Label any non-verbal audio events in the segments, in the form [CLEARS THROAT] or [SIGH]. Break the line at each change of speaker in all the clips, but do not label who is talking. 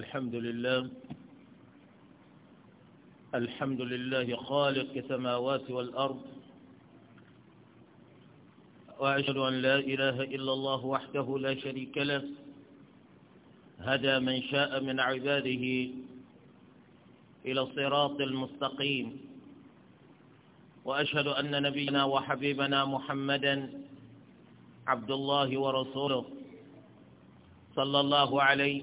الحمد لله الحمد لله خالق السماوات والأرض وأشهد أن لا إله إلا الله وحده لا شريك له هدى من شاء من عباده إلى الصراط المستقيم وأشهد أن نبينا وحبيبنا محمدا عبد الله ورسوله صلى الله عليه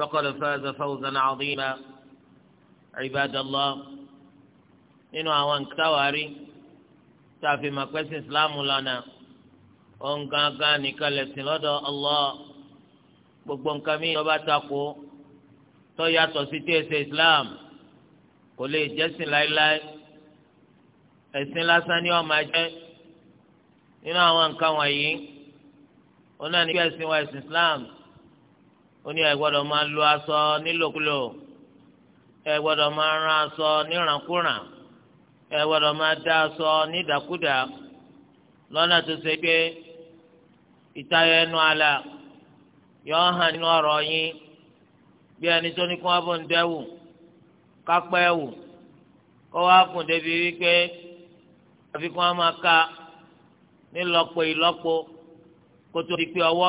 فقد فاز فوزا عظيما عباد الله nínú àwọn nkáwárí tá a fi mọ̀ pé sí ìsìláàmù lọ́nà òun gángan nìkan lẹ̀sìn lọ́dọ̀ Allah gbogbo nǹkan mi ló bá takò tó yàtọ̀ sí tí èsè islam kò lè jẹ́sìn láéláé ẹ̀sìn lásán ni ó máa jẹ́ nínú àwọn nǹkan wọ̀nyí òun náà ní bí ẹ̀sìn wa ẹ̀sìn islam. oní ní ẹ gbọ́dọ̀ máa lo aṣọ nílòkulò ẹ máa rán aṣọ nírànkúràn ẹ máa dá aṣọ nídàkúdà lọ́nà tó ṣe pé ìtayọ ẹnu àlà yọ hàn nínú ọ̀rọ̀ yín bí ẹni tó ní kí wọ́n bó ń kápẹ́ kó wá débi wípé àfi ka di pé ọwọ́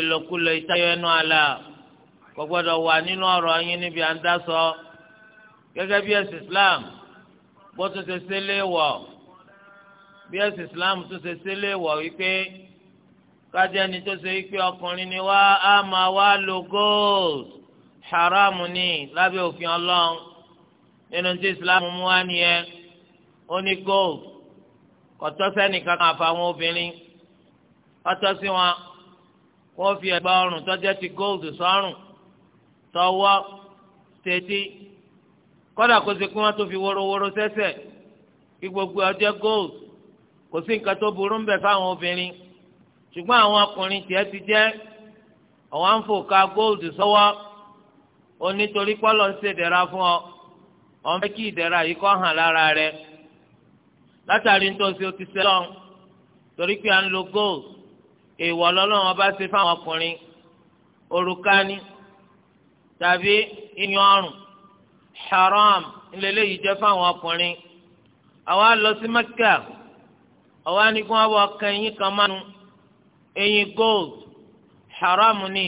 ìlòkulò ìtayọ ẹnu àlà kò gbọdọ̀ wà nínú ọ̀rọ̀ yín níbi à ń dá sọ bí ẹ̀sìn Islam bó tún ṣe ṣe léèwọ̀ bí ẹ̀sìn Islam tún ṣe ṣe léèwọ̀ wípé kájẹ́ ni tó ṣe wípé ọkùnrin ni wá á máa wá lo gold haram ni lábẹ́ òfin ọlọ́run nínú tí Islam mú wá nìyẹn ó ní gold kò tọ́ sẹ́nìkan kan àfàwọn obìnrin ó tọ́ sí wọn. wọ́n fi ẹ̀gbà ọrùn tọ́jẹ́ ti gold sọ́rùn tọwọ́ tètè kọ́dà kó ṣe kí wọ́n tó fi worowóró sẹ́sẹ̀ kí gbogbo ọjẹ́ gold kò sí nǹkan tó burú ń bẹ fáwọn obìnrin ṣùgbọ́n àwọn ọkùnrin tiẹ̀ ti jẹ́ àwọn ń fòkà gold sọ́wọ́ onítorí pọ́lọ́ ń ṣèdẹ̀ra fún ọ wọ́n fẹ́ kí ìdẹ̀ra yìí kó hàn lára rẹ látàrí nítorí ti torí pé à ń lo gold èèwọ̀ lọ́lọ́run ọba ṣe fáwọn ọkùnrin orukani, ni tàbí iyan ọrùn haram ńlẹ́lẹ́ yìí jẹ́ fáwọn ọkùnrin àwa lọ sí Mẹ́kà àwa ní kí wọ́n bọ̀ kan eyín kan mánu eyín gold haram ni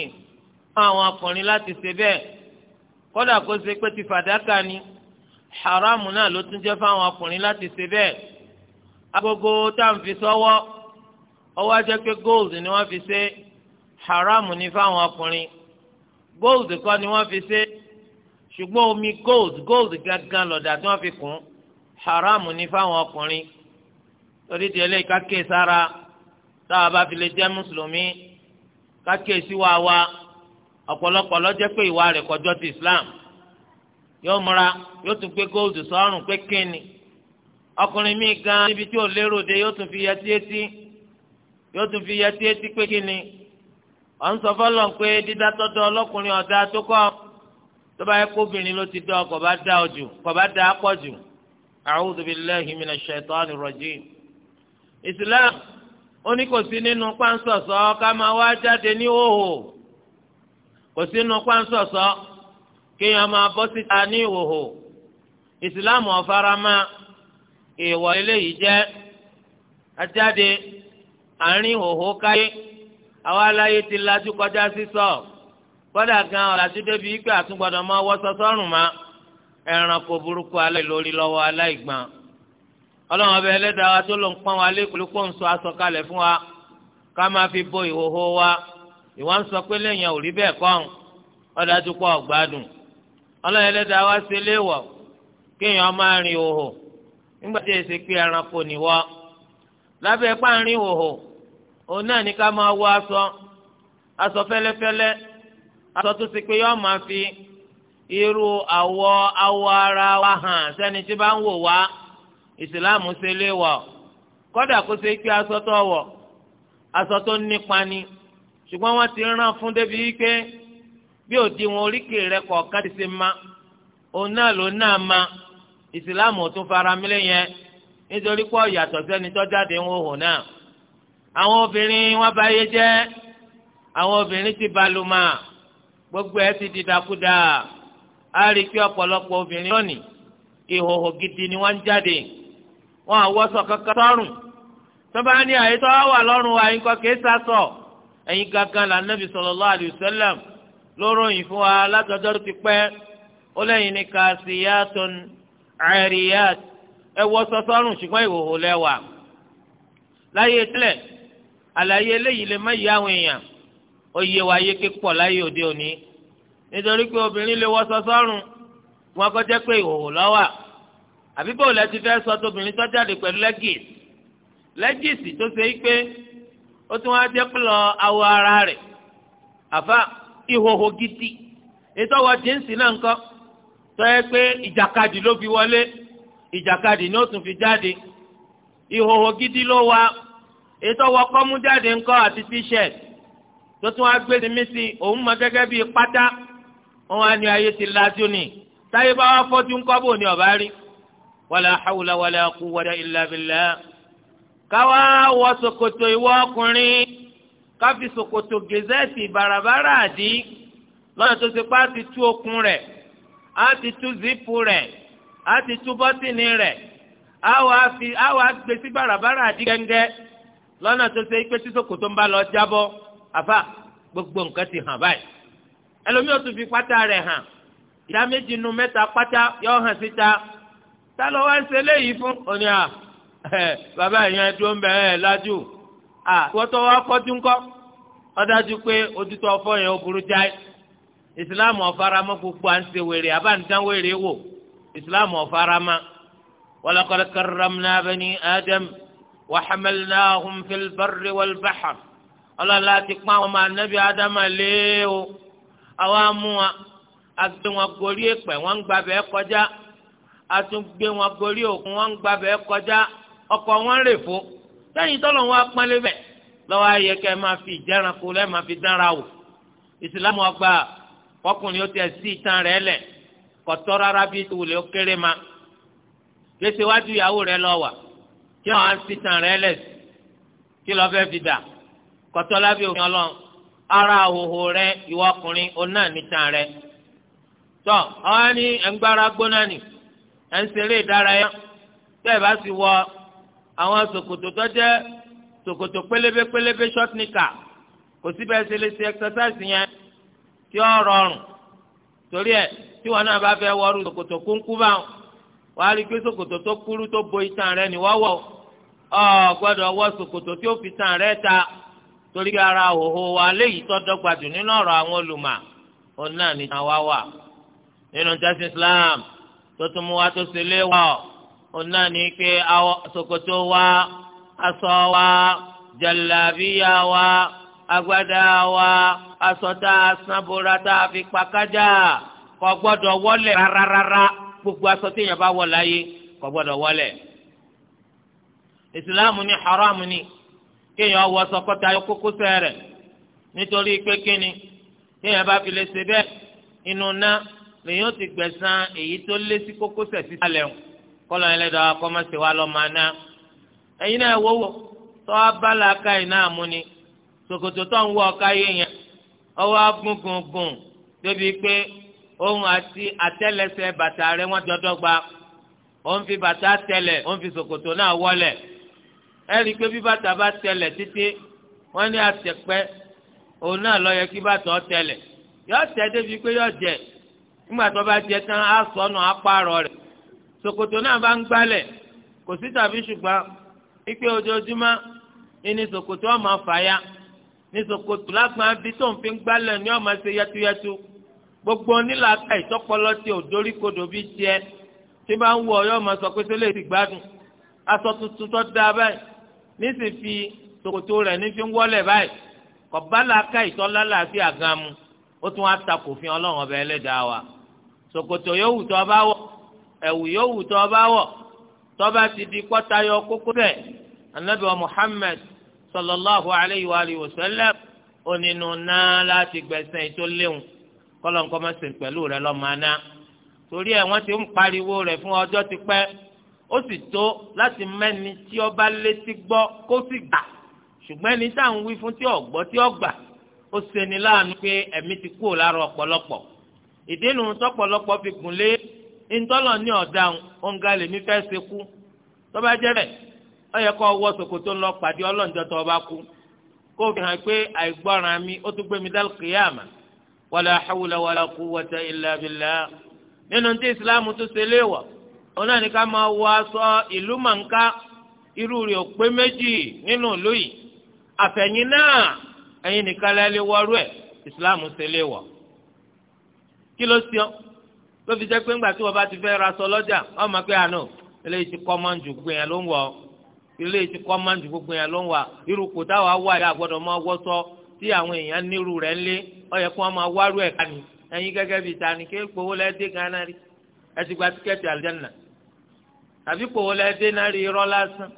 fún àwọn ọkùnrin láti ṣe bẹ́ẹ̀ kódà kó ṣe pé ti fàdákà ni haram náà ló tún jẹ́ fáwọn ọkùnrin láti ṣe bẹ́ẹ̀ agogo tá à ń fi sọ́wọ́. So ọwọ́ ajẹ́ pé gold ni wọ́n fi ṣe haramu ní fáwọn ọkùnrin gold kọ́ ni wọ́n fi ṣe ṣùgbọ́n omi gold gold gangan lọ̀dà tí wọ́n fi kùn haramu ní fáwọn ọkùnrin torí ti eléyìí kákè sára táwa bá fi lè jẹ́ mùsùlùmí kákè sí wa wa ọ̀pọ̀lọpọ̀ lọ́jẹ́ pé ìwà rẹ̀ kọjọ́ ti Islam yóò múra yóò tún gbé gold sọ́rùn pé kíni ọkùnrin míì gan níbi tí ò lérò dé yóò tún fi yẹtí etí yóò tún fi yẹtí etí pé kí ni ọ̀ ń sọ fọlọ́ pé dídá tọ́jú ọlọ́kùnrin ọ̀dà tó kọ́ tó bá yẹ kó obìnrin ló ti dán kò bá dá ọ jù kò bá dá pọ̀ jù a'udhu billahi minash shaitani rajim. Islam ó ní kò sí nínú pánsọ̀sọ́ ká máa wá jáde ní ìhòhò kò sí nínú pánsọ̀sọ́ kéèyàn máa bọ́ síta ní ìhòhò Islam ọ̀farama ìwọ̀ eléyìí jẹ́ ajáde. àárín òhó káyé àwa aláyé ti lajú kọjá sísọ Kọdà gan débi máa ma burúkú lórí wa tó ló ń wa lé ń sọ aṣọ fún wa ká máa fi bo ìhòhò wa ìwà ń sọ pé lẹ́yìn ò rí bẹ́ẹ̀ kọ́ ọ̀dájú pọ̀ ọ̀gbádùn ọlọ́run wa ṣe léèwọ̀ kéèyàn máa rin ìhòhò nígbà tí èsì pé lábẹ́ pàrin ìhòhò òun náà ní ká máa wọ aṣọ aṣọ fẹ́lẹ́fẹ́lẹ́ aṣọ tó ti pé yọọ máa fi irú àwọ̀ awọ ara wa hàn sẹni tí bá ń wò wá ìsìláàmù wọ kódà kó ṣe pé aṣọ tó asọ aṣọ tó nípa ni ṣùgbọ́n wọ́n ti rán fún débi wípé bí oríkèé kọ̀ọ̀kan ti ṣe ma òun náà ló náà ma ìsìláàmù yẹn nítorí pé ọ̀yàtọ̀ jáde ń wò àwọn obìnrin wọn bá yé jẹ́ àwọn obìnrin ti balùmà gbogbo ẹ̀ ti di dàkúdà á rí i pé obìnrin lónìí ìhòhò gidi ni wọ́n ń jáde wọn àwọ̀sọ̀ kankan sọ́rùn tó bá ní àyè tó wà lọ́rùn wa yín kọ́ kìí sásọ̀ ẹ̀yin gangan là nàbì sallallahu alaihi wasallam ló ròyìn fún wa látọjọ́ ti pẹ́ ó lẹ́yìn ní kasiyatun ariyat ẹ wọṣọ sọ́rùn ṣùgbọ́n ìhòhò lẹ́wà láyé tilẹ̀ àlàyé eléyìí lè má yí àwọn èèyàn ó yé wa yé ké pọ̀ láyé òde òní nítorí pé obìnrin lè wọ sọsọ́rùn wọn kọjá pé ìhòòhò lọ́wà àbí bò lẹ́ ti fẹ́ sọ tóbìnrin tó jáde pẹ̀lú lẹ́gìs lẹ́gìsì tó ṣe é pé ó tún wá jẹ́ pọ̀ awọ ara rẹ̀ àfa ìhòòhò gidi ìtọ́wọ́ jíǹsì náà ńkọ́ tó yẹ pé ìjàkadì ló fi wọlé ìjàkadì ni ó tún fi jáde ìhòòhò gidi ló wà ètò ọwọ́kọ́ mú jáde ńkọ́ àti t-shirt tó tún wá gbé sinmi sí òun mọ gẹ́gẹ́ bíi pátá òun á ní ayé ti lajú ni táyé bá wá fọ́jú ńkọ́ bò ní ọ̀bá rí wala hawla wala quwwata illa billah káwá wọ ṣòkòtò ìwọ ọkùnrin káfi ṣòkòtò gẹ̀zẹ́ẹ̀tì bàràbàrà àdí lọ́nà tó ti pa á ti tú okùn rẹ̀ á ti tú zipu rẹ̀ á ti tú bọ́tìnì rẹ̀ á wàá gbé sí bàràbàrà àdí gẹ́gẹ́ lọ́nà tó ṣe pé tí ṣòkòtò ń bá lọ jábọ́ àfà gbogbo nǹkan ti hàn báyìí ẹlòmíì ó tún fi pátá rẹ̀ hàn ìdá méjì nu mẹ́ta pátá yọ hàn síta tá ló wá ń ṣe léyìí fún òní à ah, bàbá ìyẹn dúró ń bẹ ẹ lájú à wọ́tọ́ wá kọ́jú ńkọ́ ọ̀dájú pé ojútọ ọfọ yẹn ó burú jáì ìsìláàmù ọ̀faramọ́ gbogbo à ń ṣe wèrè àbá ń dán wèrè wò ìsìláàmù ọ̀faramọ́ walaqad karramna وحملناهم في البر والبحر ọlọ́la ti pọ́n àwọn ọmọ anabi adama lé o àwa mú wa a gbé wọn gorí èpè wọn ń gbabẹ́ kọjá a tún gbé wọn gorí òkun wọn ń gbabẹ́ kọjá ọkọ̀ wọn rè fo sẹ́yìn tọ́lọ̀ wọn apọ́nlé bẹ̀ lọ́wọ́ ayẹ kẹ́ máa fi ìjẹ́ranko lẹ́ẹ̀ máa fi dánra wò ìsìlámù ọgbà ọkùnrin ó tẹ̀ sí ìtàn rẹ̀ lẹ̀ kọ̀tọ́ rárá bí ìwòlé ó kéré ma gbèsè wájú ìyàwó rẹ̀ lọ́wọ́ kí wọn á fi tàn rẹ lẹ kí lọ fẹ́ fi dà kọtọlá bí òfin Ọlọ́run ara àhòhò rẹ ìwọ ọkùnrin òun náà ní tàn rẹ tọ ọwọ ní ẹgbàrá gbóná ni ẹ ń ṣeré ìdárayá tẹ ẹ bá sì wọ àwọn ṣòkòtò tó jẹ ṣòkòtò pélébé pélébé short nika kò síbẹ̀ ṣe lè ṣe exercise yẹn tí ó rọrùn torí ẹ tí wọn náà bá fẹ́ wọrú ṣòkòtò kúńkú báwọn wàá rí i pé ṣòkòtò tó kúrú tó bo itan rẹ ni wọ́wọ́ o ọ gbọ́dọ̀ wọ Sokoto tí o fi tàn rẹ ta torí ara òhò wa léyìí tó dọ́gba nínú ọ̀rọ̀ àwọn olùmọ̀ òun náà ní tàn wá wà nínú tẹsí Islam tó tún mú wa tó ṣe léwọ òun náà ní pé ṣòkòtò wa aṣọ wa jalabiya wa agbádá wa aṣọ tá a sanbora tá a wọlé rárára gbogbo aṣọ téèyàn bá wọ láyé kò gbọ́dọ̀ wọlé. ìsìláàmù ní haramu ní kéèyàn wọ sọkọta yọ kókósẹ̀ rẹ̀ nítorí pé kíni kéèyàn bá fi lè ṣe bẹ́ẹ̀ inú ná lèyìn ó ti gbẹ̀san èyí tó lé sí kókósẹ̀ sí sálẹ̀ ń kọ́lọ́ ẹlẹ́dàá kọ́mọ́sí wa lọ́ máa ná ẹ̀yin náà wọ́wọ́ tó a la ka yìí náà mú ni ṣòkòtò tó ń wọ ọ̀ka yìí yẹn ọwọ́ agbóngbòngbòn débi pé òun àti àtẹ́lẹsẹ̀ bàtà rẹ̀ wọ́n dọ́dọ́gba òun fi bàtà tẹ̀lẹ̀ òun fi ṣòkòtò náà wọlẹ̀ ẹ̀rí pé bí bàtà bá tẹlẹ̀ títí wọ́n ní àtẹ̀pẹ́ òun náà lọ yẹ kí bàtà ọ tẹlẹ̀ yọ tẹ débi pé yọ jẹ nígbà tó bá jẹ tán á sọnù apárọ̀ rẹ̀ ṣòkòtò náà bá ń gbálẹ̀ kò sí tàbí ṣùgbọ́n ipe ojoojúmọ́ ní ṣòkòtò ọmọ fàyà ní ṣòkòtò lágbọn abí tó ń fi gbálẹ̀ ní ọmọ ṣe yẹtuyẹtu gbogbo onílàáta ìtọ́pọlọ tí ò dórí kodò bí tiẹ̀ tí bá ń wọ ọyọ́ ọmọ sọ pé tó lè ti gbádùn aṣọ tuntun tó dáa báyìí ní sì fi ṣòkòtò rẹ̀ ní fi ń wọ́lẹ̀ báyìí kọ̀bálà ká ìtọ́lá láàfin àgàmù ó tún wá takò fi ọlọ́run ọba ẹlẹ́dàá wa ṣòkòtò yòówù tó bá wọ̀ ẹ̀wù yòówù tó bá wọ̀ tó bá ti di kọ́tayọ kókó bẹ́ẹ̀ anabi wa Muhammad sallallahu alayhi wa alihi wa sallam onínú náà láti gbẹ̀sẹ̀ tó léwu kọ́lọ́nkọ́ máa sìn pẹ̀lú rẹ̀ lọ́ọ́ máa ná torí ẹ̀ wọ́n ti ń pariwo rẹ̀ fún ọjọ́ ti pẹ́ ó sì tó láti mẹ́ni tí ó bá létí gbọ́ kó sì gbà ṣùgbọ́n ẹni tá à ń wí fún tí ọ̀gbọ́ tí ọ̀gbà ó ṣeni láàánú pé ẹ̀mí ti kúrò lára ọ̀pọ̀lọpọ̀ ìdínú tọ́pọ̀lọpọ̀ fi gùn lé ntọ́lọ̀ ní ọ̀daràn òǹga lèmi fẹ́ ṣekú tó bá jẹ́ bẹ́ẹ̀ ó yẹ kó wọ ṣòkòtò ńlọ pàdé ọlọ́njọ́ tó bá kú kó fi hàn pé àìgbọ́ràn mi ó tún gbé mi dá kìyàmà wàlá hawla wàlá quwwata illa billah nínú tí ìsìláàmù tún ṣe léèwọ̀ ona ni ka ma wọ aṣọ ìlú mọ̀nká irú rẹ̀ ò pé méjì nínú ìlú yìí àfẹ̀yìn náà ẹ̀yin nìkan lẹ́lẹ́ wọ́rú ẹ̀ ìsìláàmù ṣe lé wọ̀ kí ló ṣe ọ́ ló fi jẹ́ pé ńgbà tí wọ́n bá ti fẹ́ ra aṣọ lọ́jà wọ́n máa pé àánú eléyìí ti kọ́ máa ló ń wọ̀ ti kọ́ máa ń ló ń wà irú kò táwa wà yà gbọ́dọ̀ tí àwọn èèyàn nírú rẹ̀ kéèkó àbí kòwó lẹ dé náà rí irọ́ lásán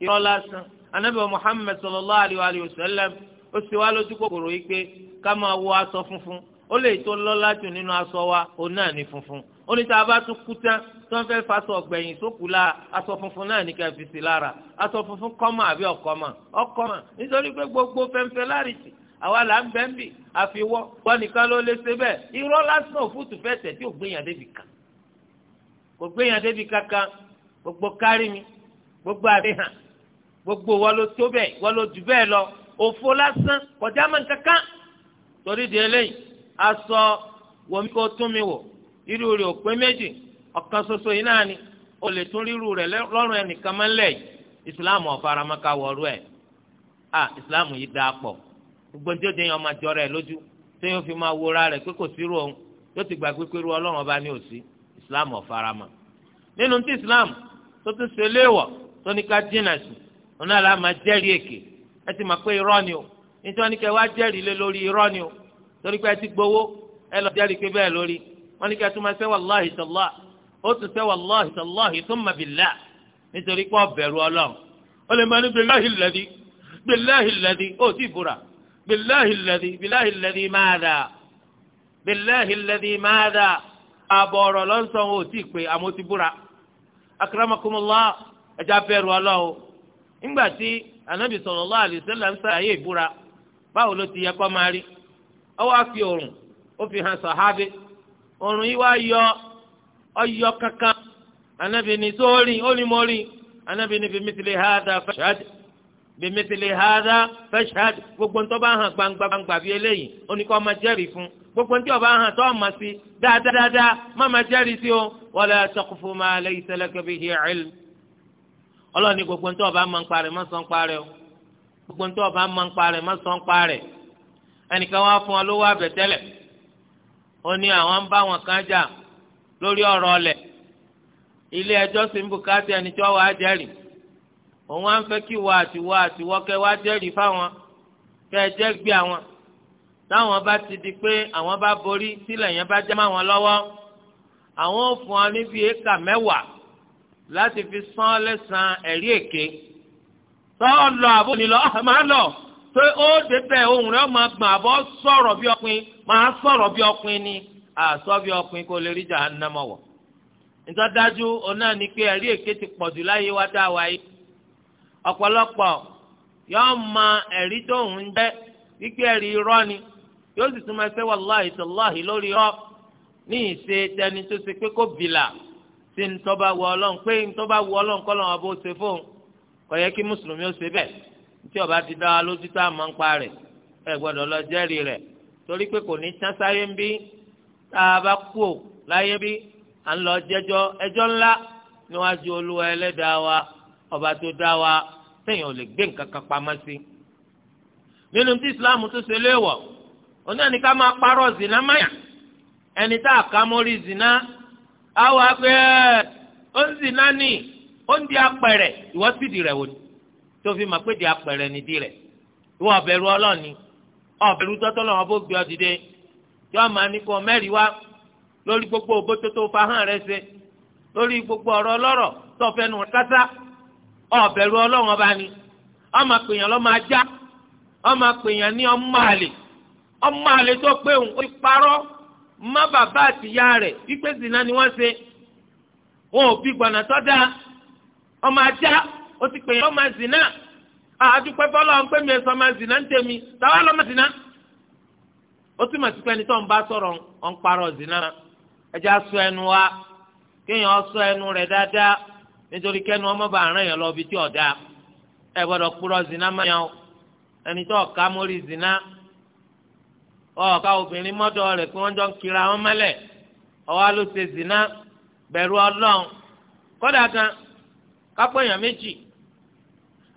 irọ́ lásán anabi muhammed sallallahu alayhi wa sallam ó sì wá lójú kòkòrò yìí pé ká máa wọ aṣọ funfun ó lè tó lọ́lá jù nínú aṣọ wa òun náà ní funfun ó ní tá a bá tún kú tán tó ń fẹ́ faṣọ ọ̀gbẹ̀yìn sókù la aṣọ funfun náà ní ká fi sí lára aṣọ funfun kọ́mọ̀ àbí ọ̀kọ́mọ̀ ọ̀kọ́mọ̀ nítorí pé gbogbo fẹ́ńfẹ́ láàrìsì àwa là ń bẹ́ẹ̀ bì àfiwọ́ wọn nìkan ló lè ṣe bẹ́ẹ̀ irọ́ lásán òfútù fẹ́ tẹ̀ tí ò gbéyàn débi kan kò gbogbo kárí mi gbogbo àríhàn gbogbo wọn ló tó bẹ́ẹ̀ wọn ló jù bẹ́ẹ̀ lọ òfo lásán kọjá mọ́ kankan torí di eléyìí aṣọ wọmi kó tún mi wò irú rẹ̀ ò méjì ọ̀kan ṣoṣo yìí náà ni o lè tún rírú rẹ̀ lọ́rùn ẹnìkan mọ́ lẹ̀ yìí ìsìláàmù ọ̀faramaka wọ̀ọ́rú ẹ̀ à ìsìláàmù yìí dáa pọ̀ gbogbo ní òde yẹn ọmọ àjọ rẹ̀ lójú tó yẹn fi máa wora rẹ̀ pé kò sírú òun yóò ti gbàgbé pé irú ọlọ́run ọba ní òsì ìsìláàmù ọ̀farama nínú ti ìsìláàmù tó tún ṣe léèwọ̀ tó ní ká jìnnà sí òun náà láà máa jẹ́rìí èké ẹ ti mọ̀ pé irọ́ ni o nítorí ní kẹ́ wá jẹ́rìí lé lórí irọ́ ni o torí pé ẹ ti gbowó ẹ lọ jẹ́rìí pé bẹ́ẹ̀ lórí wọ́n ní kẹ́ tó máa ṣe wàláhì tàláhì ó tún ṣe wàláhì tàláhì thumma billah nítorí pé ọ̀bẹ̀rù ọlọ́run ó lè máa ní billahi alladhi billahi alladhi ó ti búra billahi alladhi billahi alladhi madha billahi alladhi madha àbọ̀ ọ̀rọ̀ lọ́sàn-án ó ti pè àmọ́ ti búra akramakumullah ẹja bẹ̀rù Ọlọ́run nígbà tí anabi sallallahu alaihi wasallam ń sàyè ìbúra báwo ló ti yẹ kó máa rí fi òrùn ó fi hàn sàhábì òrùn yìí wá yọ ọyọ kankan anabi ni sórí anabi ni gbogbo ntọ́ bá hàn gbangba gbangba eléyìí gbogbo ntí ọba hàn tó ọmọ sí dáadáa má máa jẹ́rìí sí o wala taqfu ma laysa laka bihi ilm ọlọ́ọ̀ni gbogbo ntí ọba máa ń parẹ́ má sọ ń parẹ́ o gbogbo ntí ọba máa ń parẹ́ má sọ ń parẹ́ ẹnìkan wá fún ọ lówó àbẹ̀tẹ́lẹ̀ ó ní àwọn ń bá wọn kan jà lórí ọ̀rọ̀ ọlẹ̀ ilé ẹjọ́ sì ń bùkátà ẹni tí wọ́n wá jẹ́rìí òun wá ń fẹ́ kí wọ́n àtiwọ́ àtiwọ́ kẹ́ wá jẹ́rìí fáwọn kẹ́ jẹ́ gbé àwọn táwọn bá ti di pé àwọn bá borí sílẹ̀ yẹn bá jẹ́ mọ́ wọn lọ́wọ́ àwọn ò fún ọ ní bí éka mẹ́wàá láti fi san lẹ́sàn-án ẹ̀rí èké tọ́ lọ àbò nílọ máa lọ pé ó débẹ̀ ohun rẹ̀ máa gbọ̀n àbọ̀ sọ̀rọ̀ bí ọkùnrin máa sọ̀rọ̀ bí ọkùnrin ni àsọ bí ọkùnrin kò lè rí jahannama wọ̀ nítorí dájú òun náà ni pé ẹ̀rí èké ti pọ̀jù láyé wá dá wa yìí ọ̀pọ̀lọpọ̀ yọ́ọ́ ma ẹ̀rí tóun jẹ́ wípé ẹ̀rí irọ́ ni yóò sì tún máa ṣe wàláhì sàláhì lórí ọ ní ìṣe tẹni tó ṣe pé kó bìlà sí ní tọ́ba wọ ọlọ́run pé ní tọ́ba wọ ọlọ́run kọ́ lọ́wọ́ bó ṣe fóun kò yẹ kí mùsùlùmí ó ṣe bẹ́ẹ̀ tí ọba ti dá lójú tá a máa ń pa rẹ̀ ẹ gbọ́dọ̀ lọ jẹ́rìí rẹ̀ torí pé kò ní tán sáyé ń bí tá a bá kú ò láyé bí à ń lọ jẹ́jọ́ ẹjọ́ ńlá níwájú olúwa ẹlẹ́dàá wa ọba tó dá wa téèyàn ò lè gbé nǹkan kan pamọ́ sí nínú tí ìsìláàmù tó ṣe léèwọ̀ òun náà ká máa parọ́ zina maya. ẹni tá zina àwọn àgbẹ̀ ó ń zina ní ó ń di apẹ̀rẹ̀ ìwọ́ sì di rẹ̀ wò ni tó fi máa pé di apẹ̀rẹ̀ di rẹ̀ ìwọ́ ọ̀bẹ̀rù ọlọ́ọ̀ni ọ̀bẹ̀rù tọ́tọ́ lọ́wọ́ bó gbé ọ dìde tí wọ́n máa mẹ́rin wá lórí gbogbo òbótó tó fa hàn ṣe lórí gbogbo ọ̀rọ̀ ọlọ́rọ̀ tó ọmọ àlè tó pé òun ti parọ́ má bàbá àtìyá rẹ̀ wípé zina ni wọ́n ṣe wọn ò fi gbọ̀nà tó ọmọ ajá ó ti pè é ọmọ zina àdúpẹ́ fọlọ́ ń pè mí ẹ̀sọ́ ọmọ zina ń tẹ̀mí táwa zina ó túmọ̀ sí pé ẹni tó ń zina ẹjẹ́ aṣọ ẹnu wa kéèyàn sọ ẹnu rẹ̀ dáadáa nítorí ọmọ bá yẹn lọ tí ọ̀dà ẹ gbọ́dọ̀ zina máa yàn ẹni tó ọ̀ọ́ká obìnrin mọ́dọ̀ rẹ̀ pé wọ́n jọ ń kira wọn mẹ́lẹ̀ ọwọ́ ló ṣe zina bẹ̀rù ọlọ́run kọ́dà kan kápẹ́ èèyàn méjì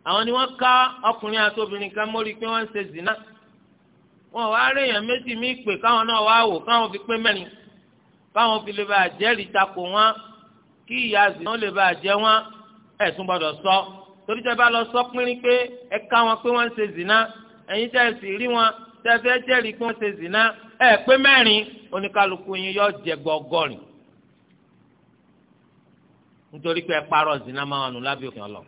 àwọn ni wọ́n ká ọkùnrin àti obìnrin kan mórí pé wọ́n ń ṣe zina wọn wá rí èèyàn méjì mí pè káwọn náà wá wò káwọn fi pé mẹ́rin káwọn fi lè bá àjẹ́rìí takò wọn kí ìyá zina lè bá àjẹ́ wọn ẹ̀sùn gbọ́dọ̀ sọ torí tẹ́ bá lọ sọ pínrín pé ẹ ká wọn pé wọ́n ń ṣe zina ẹ̀yin tẹ́ ẹ sì rí wọn tẹ́fẹ́ jẹri pé wọ́n ṣe zina ẹ pé mẹ́rin oníkàlùkù yín yọ jẹ gbọgọrin nítorí pé ẹ parọ́ zina máa wà nù lábẹ́ òfin ọlọ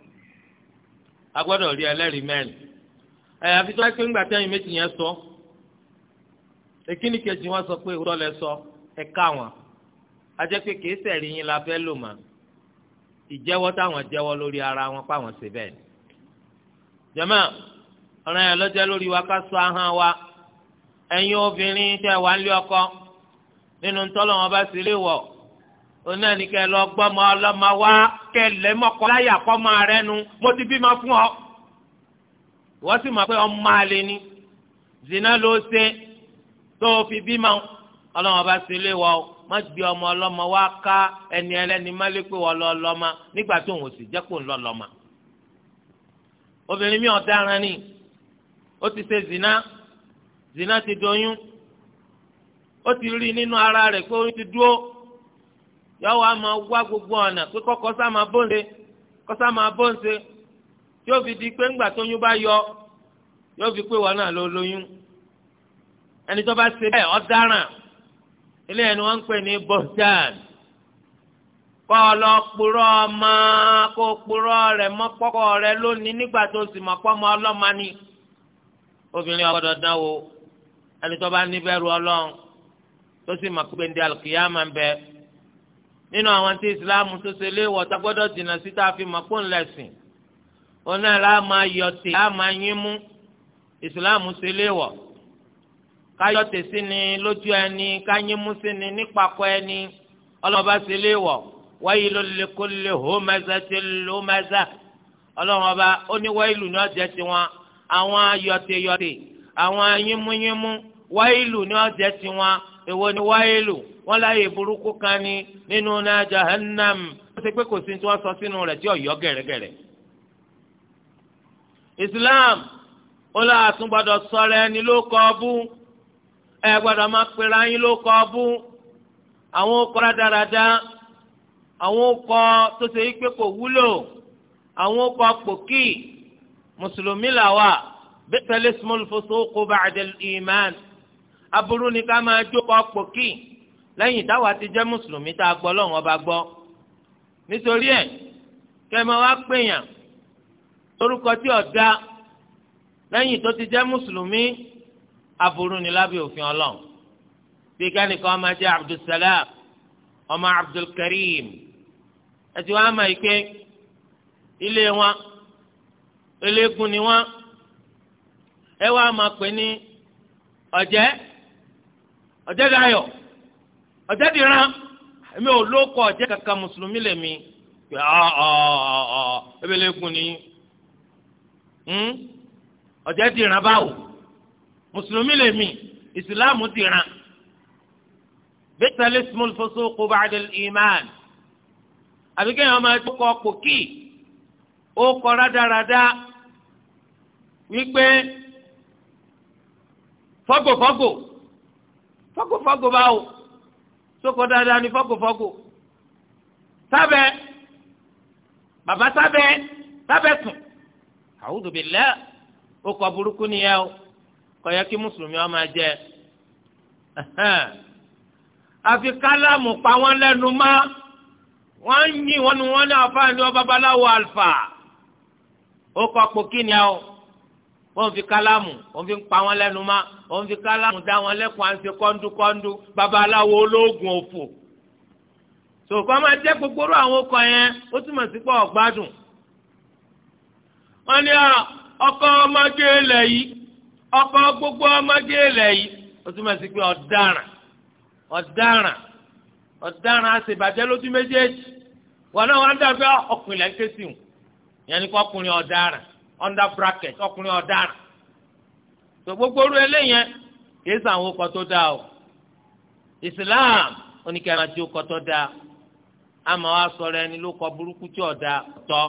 a rí ẹlẹ́rìí mẹ́rin ẹ àfi tó ẹgbẹ́ ńgbà méjì yẹn sọ sọ pé lẹ sọ ẹ ká wọn pé kìí yín la lò mà táwọn lórí ara wọn yẹn lórí wa wa ẹ̀yin obìnrin tẹ́ wà ń lé ọkọ nínú ntọ́lọ̀ wọn bá sì lè wọ̀ onáà ní kẹ́ lọ gbọ́mọ ọlọ́mọ wá kẹ́ lẹ́mọ̀kọ́ láyà kọ́ máa rẹ́ nu mo ti bímọ fún ọ. wọ́n sì mọ̀ pé ọmọ àlè ni zina ló ṣe tó o fi bímọ ọlọ́wọ́n bá sì lè wọ̀ má gbé ọmọ ọlọ́mọ wá ká ẹni ẹlẹ́ni má lè pé wọ́n lọ lọ́mọ nígbà tó òun sì jẹ́ kó ń lọ lọ́mọ. obìnrin mi ọ̀daràn ni ó ti ṣe zina zina ti doyún ó ti rí nínú ara rẹ̀ pé oyún ti dúró yọ wá máa wá gbogbo ọ̀nà pé kọ́kọ́ sá máa bóńse kọ́sá máa bóńse tí ó fi di pé ńgbà tóyún bá yọ yóò fi pé wọn náà ló lóyún ẹni tó bá ṣe bẹ́ẹ̀ ọ̀daràn ilé ẹni wọ́n ń pè ní bọ́sán kọ́ lọ kpọ̀rọ̀ ọmọ kó kpọ̀rọ̀ rẹ̀ mọ́pọ́kọ́ rẹ̀ lónìí nígbà tó sì mọ̀pọ́ mọ́ ọlọ́mọ ni obìnrin ọgbọ́dọ̀ dán wò ẹni tó bá níbẹ̀rù ọlọ́run tó sì mọ̀ pé ndí alùkìyàmà ń bẹ nínú àwọn tí ìsìláàmù tó ṣe léèwọ̀ tá gbọ́dọ̀ jìnnà sí tá a fi mọ̀ pọ́n lẹ́sìn òun náà láà máa yọ tè láà máa yín mú ìsìláàmù ṣe léèwọ̀ káyọ̀ tè sí ni lójú ẹni káyín mú sí ni nípakọ ẹni ọlọ́ba ṣe léèwọ̀ wailul likulli humazatil lumazah ọlọ́run ọba ó ní wáyé lù ní ọ̀jẹ̀ tiwọn àwọn yọ̀tẹ̀ yọ̀tẹ̀ àwọn yínmúyínmú wáìlù ni jẹ ti wọn èwo ni wáìlù wọn láyè burúkú kan ni nínú náà hannam wọ́n ti pé kò sí tí wọ́n sọ sínú rẹ̀ tí Islam ó lọ àtúngbọ́dọ̀ sọ̀rọ̀ ẹni ló kọ́ bú ẹ máa ló kọ́ bú àwọn ó kọ́ àwọn tó ṣe yí pé bi'sal ismul fusuqu ba'dal iman aburú ni ká máa jókòó ọ̀pọ̀ kí lẹ́yìn táwa ti jẹ́ mùsùlùmí tá a gbọ́ lọ́wọ́n bá gbọ́ nítorí ẹ̀ kẹ́mọ́ wá pèèyàn orúkọ tí ọ̀dá lẹ́yìn tó ti jẹ́ mùsùlùmí aburú ni lábẹ́ òfin ọlọ́run bí kánìkan máa jẹ́ abdulsalam ọmọ abdulkareem ẹtì wọn á máa yí pé ilé wọn eléégún ni wọn ẹ wá máa pè ní ọ̀jẹ́ ọ̀jẹ́ dayọ̀ ọ̀jẹ́ dìran èmi ò lóko ọ̀jẹ́ kankan mùsùlùmí lèmi pé ọ̀ ọ̀ ọ̀ ebelekun ni hmm? ọ̀jẹ́ dìran báwo mùsùlùmí lèmi ìsìláàmù dìran bẹ́tẹ̀lẹ́ small fosso kó bá iman àbíkẹ́ yẹn máa tó kọ́ pòkì ó kọ́ rádaràda wípé fọ́gòfọ́gò fọ́gòfọ́gò báwo sóko dáadáa ni fọ́gòfọ́gò sábẹ́ bàbá sábẹ́ sábẹ́ sùn àwùjọ bíi lẹ́ẹ̀ ó kọ burúkú nìyẹn o kò yẹ kí mùsùlùmí ọ máa jẹ àfi kálámù pa wọ́n lẹ́nu mọ́ wọ́n ń yìn wọ́n ní wọ́n ní àfáàní ọ babaláwo àlùfà ó kọ pòkí nìyẹn o wọ́n fi kálámù wọ́n fi ń pa wọ́n lẹ́nu má wọ́n fi kálámù dá wọn lẹ́kùn à ń ṣe kọ́ńdúkọ́ńdú babaláwo olóògùn òfò. sòkò máa jẹ́ gbogbo rú àwọn ọkọ̀ yẹn ó túmọ̀ sí pé ọ̀gbádùn. wọ́n ní ọkọ ọmọdé ilẹ̀ yìí ọkọ gbogbo ọmọdé ilẹ̀ yìí ó túmọ̀ sí pé ọ̀daràn ọ̀daràn ọ̀daràn àṣebàjẹ́ lójú méjèèjì wọn náà wọn dàbí ọkùnrin lẹ́ńkẹ́sì under bracket ọkùnrin ọ̀daràn tó gbogbo orú eléyẹn kìí sàwọn ọkọ tó dáa o Islam oníkẹ́ra tí ó kọ́ tó dáa àmọ́ wa sọ̀rọ̀ ẹni ló kọ burúkú tí ọ̀dà tọ́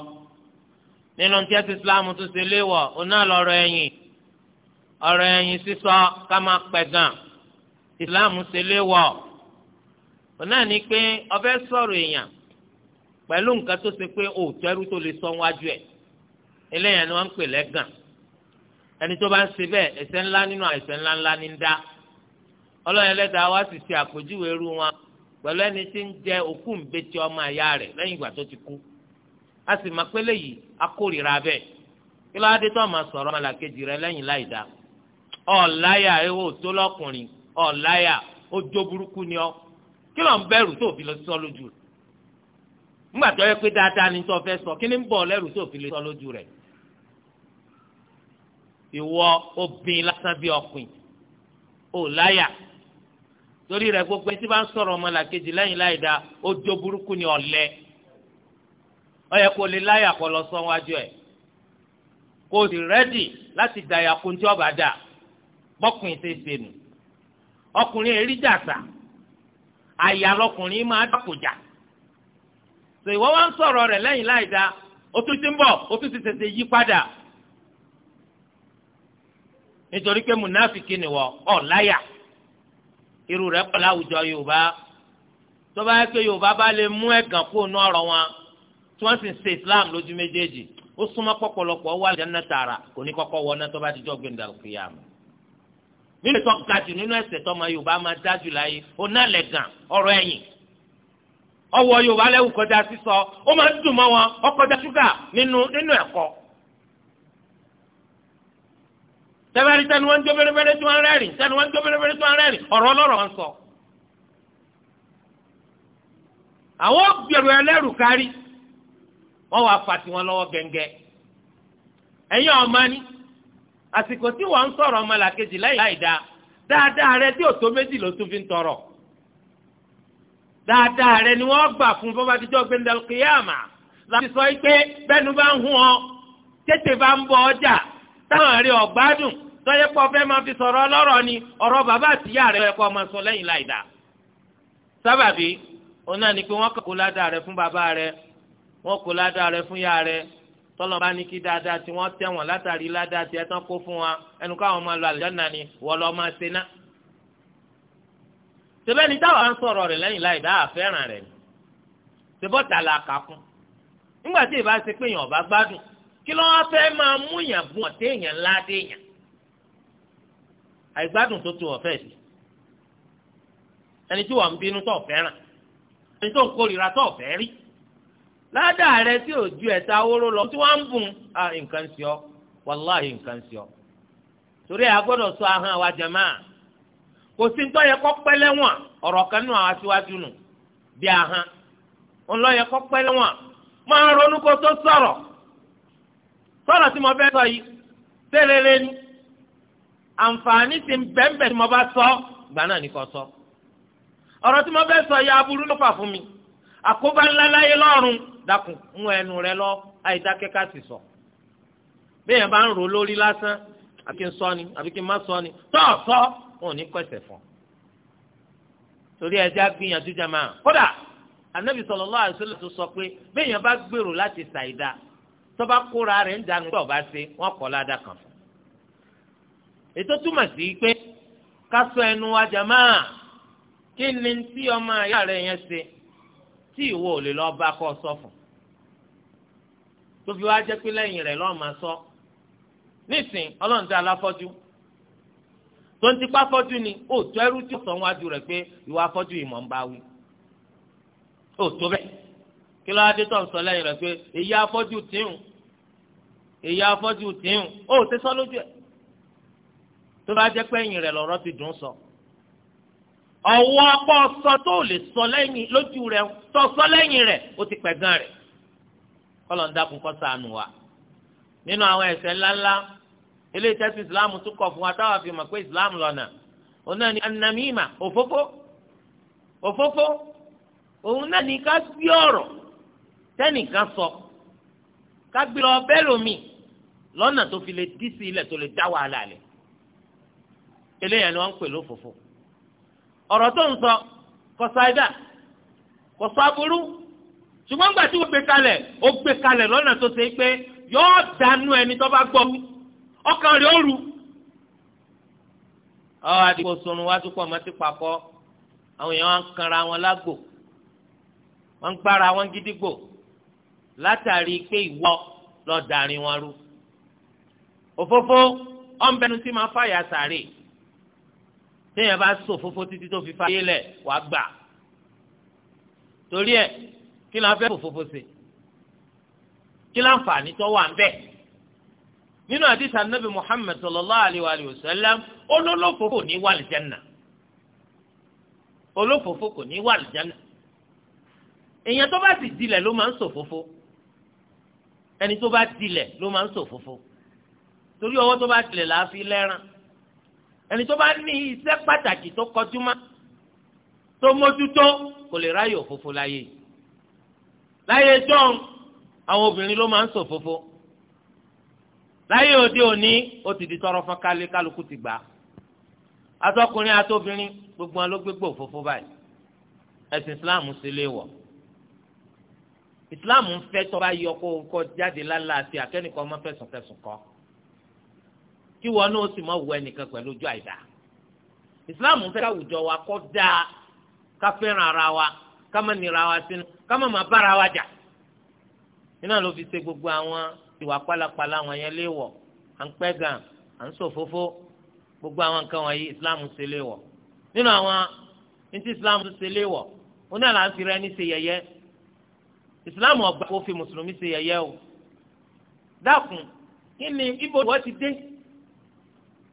nínú tí ẹ̀sìn Islam tún ṣe léwọ̀ oná lọ́rọ̀ ẹ̀yìn ọ̀rọ̀ ẹ̀yìn sísọ ká máa pẹ̀gàn Islam ṣe léwọ̀ oná ní pé ọbẹ̀ sọ̀rọ̀ èèyàn pẹ̀lú nǹkan tó ṣe pé òòtẹ́rú tó lè sọ wájú ẹ̀ eléyàn ni wọ́n ń pè lẹ́gàn ẹni tó bá ń ṣe bẹ́ẹ̀ ẹ̀ṣẹ̀ ńlá nínú ẹ̀ṣẹ̀ ńlá ńlá ní ń dá ọlọ́run ẹlẹ́dàá wá sì ṣe àpèjúwe irú wọn pẹ̀lú ẹni tí ń jẹ òkú ńbẹ́tì ọmọ àyá rẹ̀ lẹ́yìn ìgbà tó ti kú a sì máa pélé yìí bẹ́ẹ̀ kí ló tó sọ̀rọ̀ ọmọlàkejì rẹ lẹ́yìn láì dá ọ̀láyà ewo tó lọ́kùnrin ọ̀láyà burúkú ni kí ló ń bẹ̀rù ni tó fẹ́ sọ kí ni ń bọ̀ lẹ́rù tó fi ìwọ obin lásán bíi ọkùnrin ò láyà torí rẹ̀ gbogbo ẹtí bá ń sọrọ ọmọ làkejì lẹ́yìn láì dáa ó jó burúkú ni ọ̀lẹ ó yẹ kó lè láyà kó lọ sọ́n wájú ẹ̀ kó o sì rẹ́dì láti dàyà kó tí ọba dà bọ́kùnrin ṣe ṣe nù ọkùnrin èrí jàsà àyà lọkùnrin máa dàkùjà ṣèwọ́ wá ń sọ̀rọ̀ rẹ̀ lẹ́yìn láì dáa ó tún ti ń bọ̀ ó tún ti yí padà nítorí pé munafiki ni wọ ọ láyà irú rẹ̀ pẹ̀lú àwùjọ yorùbá tó bá yẹ pé yorùbá bá lè mú ẹ̀gàn kó nu ọ̀rọ̀ wọn tí wọ́n sì ń ṣe islam lójú méjèèjì ó súnmọ́ pọ̀pọ̀lọpọ̀ wà lẹ́nà tààrà kò ní kọ́kọ́ wọ náà tó bá ti jọ gbẹ̀ndà kìyàmù nínú ìtọ́ ga jù nínú ẹ̀ṣẹ̀ tó ma yorùbá máa dá jù láyé ó ná lẹ̀gàn ọ̀rọ̀ ẹ̀yìn ọwọ́ yorùbá lẹ́wù kọjá sísọ ó máa dùn mọ́ wọn ọkọjá ṣúgà nínú nínú ẹ̀kọ́ tẹ́fẹ́rí sẹ́ni wọ́n ń jó bẹ́rẹ́bẹ́rẹ́ tí wọ́n rẹ́rìn sẹ́ni wọ́n ń jó bẹ́rẹ́bẹ́rẹ́ tí wọ́n ọ̀rọ̀ sọ. àwọn gbèrò ẹlẹ́rù kárí wọ́n wàá fà tiwọn lọ́wọ́ gẹ́ngẹ́. ẹ̀yin ọ̀ma ni àsìkò tí wọ́n ń sọ̀rọ̀ ọmọ làkejì láìda dáadáa rẹ tí òtó méjì ló tún fi ń tọrọ. dáadáa rẹ ni wọ́n gbà fún láti táwọn rí ọgbádùn tọ́yẹ́ pọ fẹ́ máa fi sọ̀rọ̀ lọrọ ni ọ̀rọ̀ bàbá àtìyá rẹ̀ ẹ̀kọ́ máa sọ lẹ́yìn láì dá. sábàbí òun náà ni pé wọ́n kò ládàá rẹ̀ fún bàbá rẹ̀ wọ́n kò ládàá rẹ̀ fún yá rẹ̀ tọ́lọ́ba ní kí dáadáa tí wọ́n tẹ̀ látàrí ládàá tí ẹ tán kó fún wa ẹnu káwọn máa lọ àlùjáná ni wọ́n lọ máa ṣe ná. tẹ́lẹ̀ ní táwọn á ń sọ̀rọ̀ lẹ́yìn àfẹ́ràn ni la kà fún nígbà tí ìbá kí ló wá fẹ́ máa mú bùn ọ̀tẹ́ èèyàn àìgbádùn tó sí ẹni tí wọ́n ń bínú tó fẹ́ràn ẹni tó ń kórìíra tó fẹ́ rí ládàá rẹ tí ò ju ẹ̀ta lọ tí wọ́n ń bùn à ah, nǹkan sí ọ wàláhì nǹkan ọ torí ẹ̀ agbọ́dọ̀ sọ ahọ́n àwa jẹ̀má kò sí ní tọ́yẹ ọ̀rọ̀ kan nù àwọn nù ahọ́n ńlọ́yẹ kọ́ pẹ́ lẹ́wọ̀n máa ronú kó sọ̀rọ̀ tí mo fẹ́ sọ yìí tẹ́lẹ̀lẹ́ ni àǹfààní ti ń bẹ́ẹ̀nbẹ́ tí mo bá sọ gbà náà ní kò sọ. ọ̀rọ̀ tí mo fẹ́ sọ yìí aburú ló fà fún mi àkóbá ńlá láyé lọ́rùn dákun mú ẹnu rẹ lọ àìdákẹ́ ká sì sọ. bẹ́ẹ̀ bá ń rò lórí lásán àbí ń sọ ni àbí kí n má sọ ni tọ́ sọ wọn ò ní kọ́sẹ̀ fún. torí ẹja gbìyànjú jama kódà anabi sallallahu alaihi wasallam sọ pé bẹ́ẹ̀ yẹn bá gbèrò láti ṣàìdá tọ́ba kóra rẹ̀ ń dànù tó bá ṣe wọ́n kọ́ ládà kan. ètò túmọ̀ sí pé ká sọ ẹnu wa jàmá kí ni tí ọmọ ìyá rẹ̀ yẹn ṣe tí ìwọ ò lè lọ bá kọ́ sọ fún. tó fi wá jẹ́ pé lẹ́yìn rẹ̀ lọ́ọ́ máa sọ nísìn ọlọ́run tí aláfọ́jú tó ń tipá fọ́jú ni ó tó ẹrú tí ó sọ wájú rẹ̀ pé ìwà afọ́jú ìmọ̀ ń bá wí ó tó bẹ́ẹ̀ kí ló adé tó ń sọ lẹ́yìn rẹ̀ pé èyí afọ́jú tíhùn èyí afọ́jú tìǹ ó ti sọ lójú ẹ̀ tó bá jẹ́ pé ẹ̀yìn rẹ̀ lọ́rọ́ ti dùn sọ. ọ̀wọ́ apá ọ̀sọ tó lè sọ lẹ́yìn lójú rẹ̀ tó sọ lẹ́yìn rẹ̀ ó ti pẹ̀ gan rẹ̀ kọ́lọ̀ ń dákun kọ́ sànù wa. nínú àwọn ẹ̀ṣẹ̀ ńláńlá ilé ìtẹ́sí ìsìláàmù tún kọ̀ fún wa táwa fi mọ̀ pé ìsìláàmù lọ́nà òun náà ni anamíma òfófó òfófó òun náà ni ká gbé ọ̀rọ̀ tẹ́nìkan sọ ká gbé lọ bẹ́ẹ̀ lómi lọ́nà tó fi lè dí sí ilẹ̀ tó lè dá wàhálà lẹ̀ eléyàn ni wọ́n ń pè lófòfò ọ̀rọ̀ tó ń sọ kò sáídà kò sọ aburú ṣùgbọ́n gbà tí ó gbé kalẹ̀ ó gbé kalẹ̀ lọ́nà tó ṣe pé yọ́ọ́ dànù ẹni tó bá gbọ́ ọkàn rẹ̀ ó rú ọ adigun sunu wájú pọ̀ mọ́tí pakọ́ àwọn èèyàn wọn kanra wọn lágbo wọn gbára wọn gídígbò látàrí pé ìwọ lọ́ọ́ darí wọn rú òfófó ọ̀nbẹ́nu sí máa fàyà sàárè téèyàn bá sọ òfófó títí tó fi fàyè lẹ̀ wàá gbà torí ẹ̀ kí ló ń fẹ́ òfófó ṣe kí ló ń fà ní tọ́wọ́ à ń bẹ̀ nínú àdìsí anabi muhammed sallallahu alayhi wa sallam olólófò kò ní wà lìjánà olófòfò kò ní wà lìjánà èèyàn tó bá ti dilẹ̀ ló máa ń ṣòfófó ẹni tó bá dilẹ̀ ló máa ń ṣòfófó torí ọwọ́ tó bá tilẹ̀ là á fi lẹ́ràn ẹni tó bá ní iṣẹ́ pàtàkì tó kọjúmọ́ tó mójútó kò lè ráyè òfófó láyé láyé jọ́n àwọn obìnrin ló máa ń ṣòfófó
láyé òde òní
ó ti di tọrọ fún kálí kálukú ti gbà atọkùnrin atóbìnrin gbogbo wọn ló gbégbó òfófó báyìí ẹ̀sìn Islam sì lè wọ̀ Islam ń fẹ́ tó bá yọ kó kọ jáde lálẹ́ àti akẹ́nìkan ọmọ fẹ̀sùn fẹ̀sùn kọ́ kí wọn náà sì máa wọ ẹnìkan pẹ̀lú ojú àìdá ìsìláàmù fẹ́ káwùjọ wa kọ́ dáa ká fẹ́ràn ara wa ká má nira wa sínú ká má má bára wa jà iná ló fi ṣe gbogbo àwọn ìwà pálapàla àwọn yẹn léèwọ̀ à ń pẹ́ gan à ń ṣòfófó gbogbo àwọn nǹkan wọ̀nyí ìsìláàmù ṣe léèwọ̀ nínú àwọn ní ìsìláàmù ṣe léèwọ̀ oní àlàáfíà rẹ ní ṣe yẹ̀yẹ́ ìsìláàmù ọgbà kò fi mùsùlùmí ṣe yẹ̀yẹ́ o dákun kí ni ibo wọ́n ti dé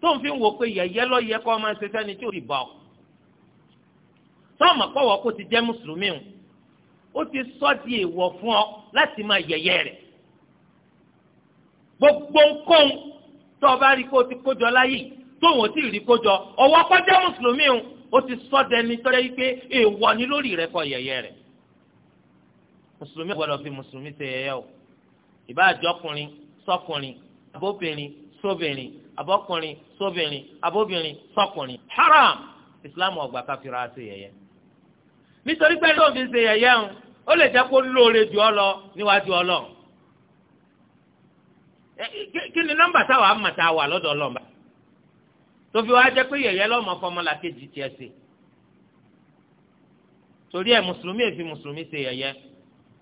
tó ń fi wò pé yẹ̀yẹ́ lọ yẹ kó máa ṣe sẹ́ni tí ò ti bá ọ sọ́ọ̀mọ̀ pọ̀wọ́ kó ti jẹ́ mùsùlùmí o ó ti sọ́ di èèwọ̀ fún ọ láti máa yẹ̀yẹ́ rẹ̀ gbogbo nkóhun tó o bá rí kó o ti kójọ láyé tóun ò tí rí kójọ ọwọ́ kó jẹ́ mùsùlùmí o ó ti sọ́ dẹni tọ́lẹ́ yìí pé èèwọ̀ ni lórí rẹ̀ kó yẹ̀yẹ́ rẹ̀ mùsùlùmí gbọ́dọ̀ fi mùsùlùmí ṣe yẹ̀yẹ́ o ìbá abọ́kùnrin sóbìnrin abóbìnrin sọkùnrin haram islam ọgbà káfíra ṣe yẹ̀yẹ́ nítorí pé lóun fi ṣe yẹ̀yẹ́ ń ó lè jẹ́ kó lóore jù ọ lọ níwájú Ọlọ́run kí ni nọ́mbà táwa àmà tá a wà lọ́dọ̀ ọlọ́mọba tó fi wá jẹ́ pé yẹ̀yẹ́ lọ́mọ fọmọlá kejì tiẹ̀ sí torí ẹ̀ mùsùlùmí èfi mùsùlùmí ṣe yẹ̀yẹ́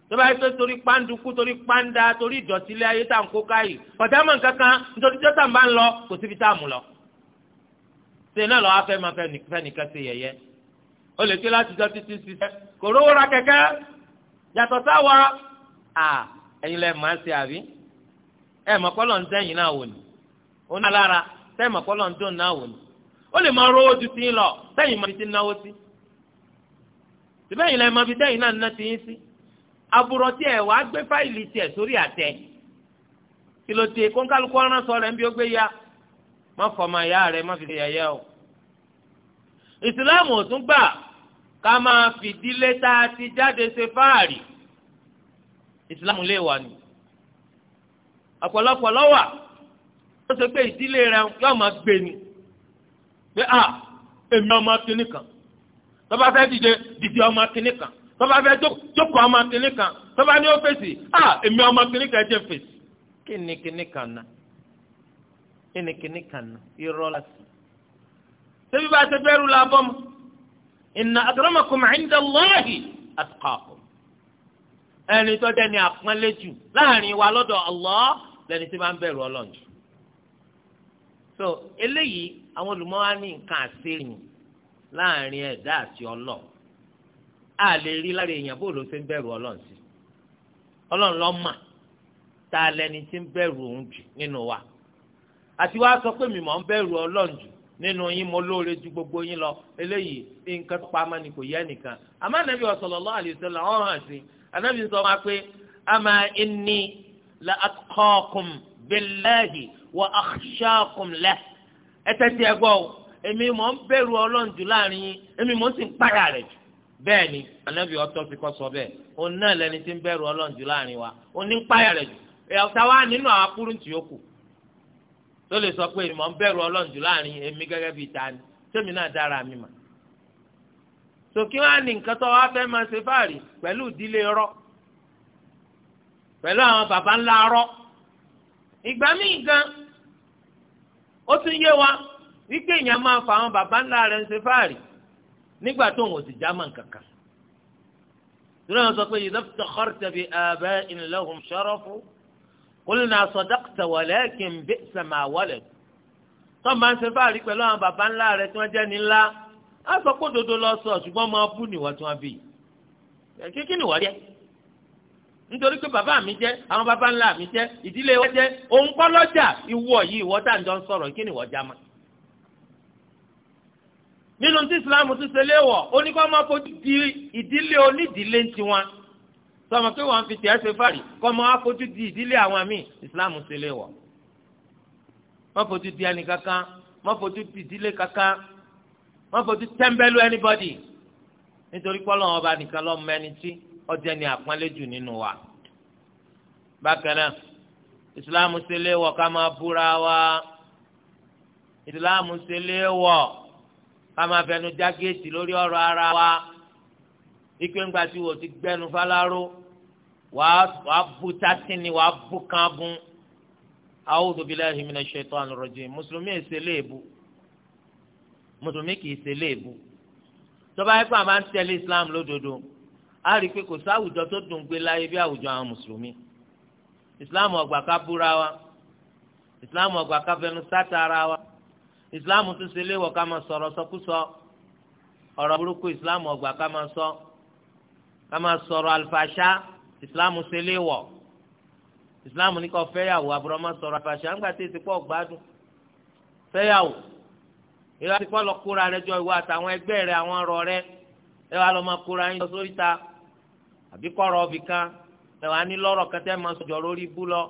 tó bá yẹ pé torí pàǹdùkú torí pàǹdà torí ìdọ̀tílé ayé tá à ń kó káyì ọ̀dàmọ̀ kankan nítorí tó tàn bá ń lọ kò síbi tá à mú lọ. ṣe náà lọ́wọ́ afẹ́ máa fẹ́ nìkan ṣe yẹ̀yẹ́ o lè ké láti jọ títí ṣiṣẹ́ kò rówó ra kẹ̀kẹ́ yàtọ̀ sáwa à ẹ̀yin lẹ́ máa ṣe àbí ẹ̀ mọ̀ kọ́lọ̀ ń dẹ́yìn náà wò ni ó ná lára sẹ́yìn mọ̀ kọ́lọ̀ ń dùn náà wò ni ó lè máa rówó ju tiyín lọ sẹ́yìn mọ̀ fi ti náwó sí. tìbẹ́yìn lẹ́ máa fi dẹ́yìn náà ná tiyín sí àbùrọ̀ tí ẹ̀ wàá gbé fáìlì tiẹ̀ sórí àtẹ kìlọ̀tì kọ́ńkálukọ́ ránṣọ rẹ̀ ń bí ó gbé ya má fọmọ ìyá rẹ̀ má fi yẹyẹ o ìsìláàmù ò tún gbà ká máa fìdílé tá a ti jáde ṣe fáàrí ìsìláàmù lè wà ní ọ̀pọ̀lọpọ̀ lọ́wà ó ṣe pé ìdílé rẹ̀ yóò máa gbé ni pé à èmi ọmọ akínní kan tó fẹ́ dìde dìde ọmọ akínní kan tọ́ba fẹ́ jókòó ọmọ kìnnì kan tọ́ba ní ó fèsì à èmi ọmọ kìnnì kan jẹ́ fèsì. kíni kìnnì kan na kíni kìnnì kan na irọ́ la sí. ṣebí bá a ṣe bẹ́ẹ̀rù la bọ́ mu inna akramakum inda Allahi atqakum. ẹni tó dẹ́ ni àpọ́nlé jù láàrin wa lọ́dọ̀ Allah lẹni tí bá ń bẹ̀rù Ọlọ́run jù. so eléyìí àwọn olùmọ̀ wa ní nǹkan àṣeyìn a lè rí lára èèyàn bó ló ṣe ń bẹ̀rù ọlọ́run sí ọlọ́run lẹni tí ń bẹ̀rù òun wa àti wá sọ pé mi ń bẹ̀rù ọlọ́run jù nínú lóore ju gbogbo yín lọ eléyìí nǹkan tó pamọ́ ni kò yẹ nìkan àmọ́ anabi sallallahu alaihi wasallam anabi sọ pé ama la ẹ tẹ́tí ẹ gbọ́ o èmi mọ̀ ń bẹ̀rù ọlọ́run jù láàrin yín èmi mọ̀ ń bẹ́ẹ̀ ni anabi ọtọ́ ti kọ́ sọ bẹ́ẹ̀ òun náà lẹni tí ń bẹ̀rù ọlọ́run láàrin wa ní ń páyà jù èèyàn ta nínú àwọn akúrúntì yòókù tó lè sọ pé ìmọ̀ ń bẹ̀rù ọlọ́run láàrin èmi gẹ́gẹ́ bíi ta ni náà dára mi mà. sòkè wá ní nǹkan tó wá fẹ́ pẹ̀lú ìdílé pẹ̀lú àwọn Bàbá ńlá rọ́ wa wípé nígbà tó ń wò sí german kankan tura wọn sọ pé yìí lọ́pọ̀ kọ́rọ̀tà bíi abẹ́ ìnìlẹ́hùn sọ́rọ́fù kólínà sọ̀dọ́kítà wọlé kí n bí sàmà wọlé tó máa ń ṣe fáàrí pẹ̀lú àwọn baba ńlá rẹ̀ tí wọ́n jẹ́ ní ńlá á sọ pé òdodo lọ sọ ṣùgbọ́n máa bú nìwọ tí wọ́n bí kíkí nìwọ rí ẹ nítorí pé bàbá mi jẹ́ àwọn baba ńlá mi jẹ́ ìdílé wọn jẹ́ òun kọ́ lọ́jà ìwọ yìí ìwọ tá ń jọ ń sọ̀rọ̀ kí nìwọ já máa nínú tí islam tún ṣe léwọ̀ oníkọ́ máa fojú di ìdílé onídìílé ń tiwọn sọmọ pé wọn fi tiẹ̀ ṣe fàrí kọ́ máa fojú di ìdílé àwọn míì islam ṣe léwọ̀ má fojú di ẹni kankan má fojú di ìdílé kankan má fojú tẹ́ńbẹ́lú anybody nítorí pọ́lọ́ ọba nìkan lọ́ọ́ mẹ́ni tí ọjọ́ ni àpọ́nlé jù nínú wa bákan náà islam ṣe léwọ̀ ká máa búra wa islam ṣe léwọ̀. Kama máa fẹnu já lórí ọ̀rọ̀ ara wa ikú ńgbà tí wò ti gbẹnu faláró wàá bu tásínì wàá bu kángun a'udhu billahi minash shaitanir rajim mùsùlùmí èsè léèbù mùsùlùmí kìí ṣe léèbù tọ́ba yẹn pé a máa ń tẹ̀lé Islam lódodo a rí i pé kò sáwùjọ tó dùn gbé láyé bí àwùjọ àwọn mùsùlùmí Islam ò ká búra wa Islam ò gbà ká fẹnu sátara wa islam tún ṣe léwọ̀ ká máa sọ̀rọ̀ sọkúsọ ọ̀rọ̀ burúkú islam ọgbà ká máa sọ ká máa sọ̀rọ̀ alfàṣà islam ṣe léwọ̀ islam ní kò fẹ́yàwó àbúrò máa sọ̀rọ̀ alfàṣà ńgbà tí èsì pọ̀ gbádùn fẹ́yàwó ìwà tí kò lọ kóra rẹ jọ ìwà àtàwọn ẹgbẹ́ rẹ àwọn ọ̀rọ̀ rẹ ẹ lọ máa kóra yín lọ sórí ta àbí kọ̀rọ̀ ọbì kan ẹ ní lọ́rọ̀ kẹtẹ́ máa sọ̀jọ̀ lórí ibú lọ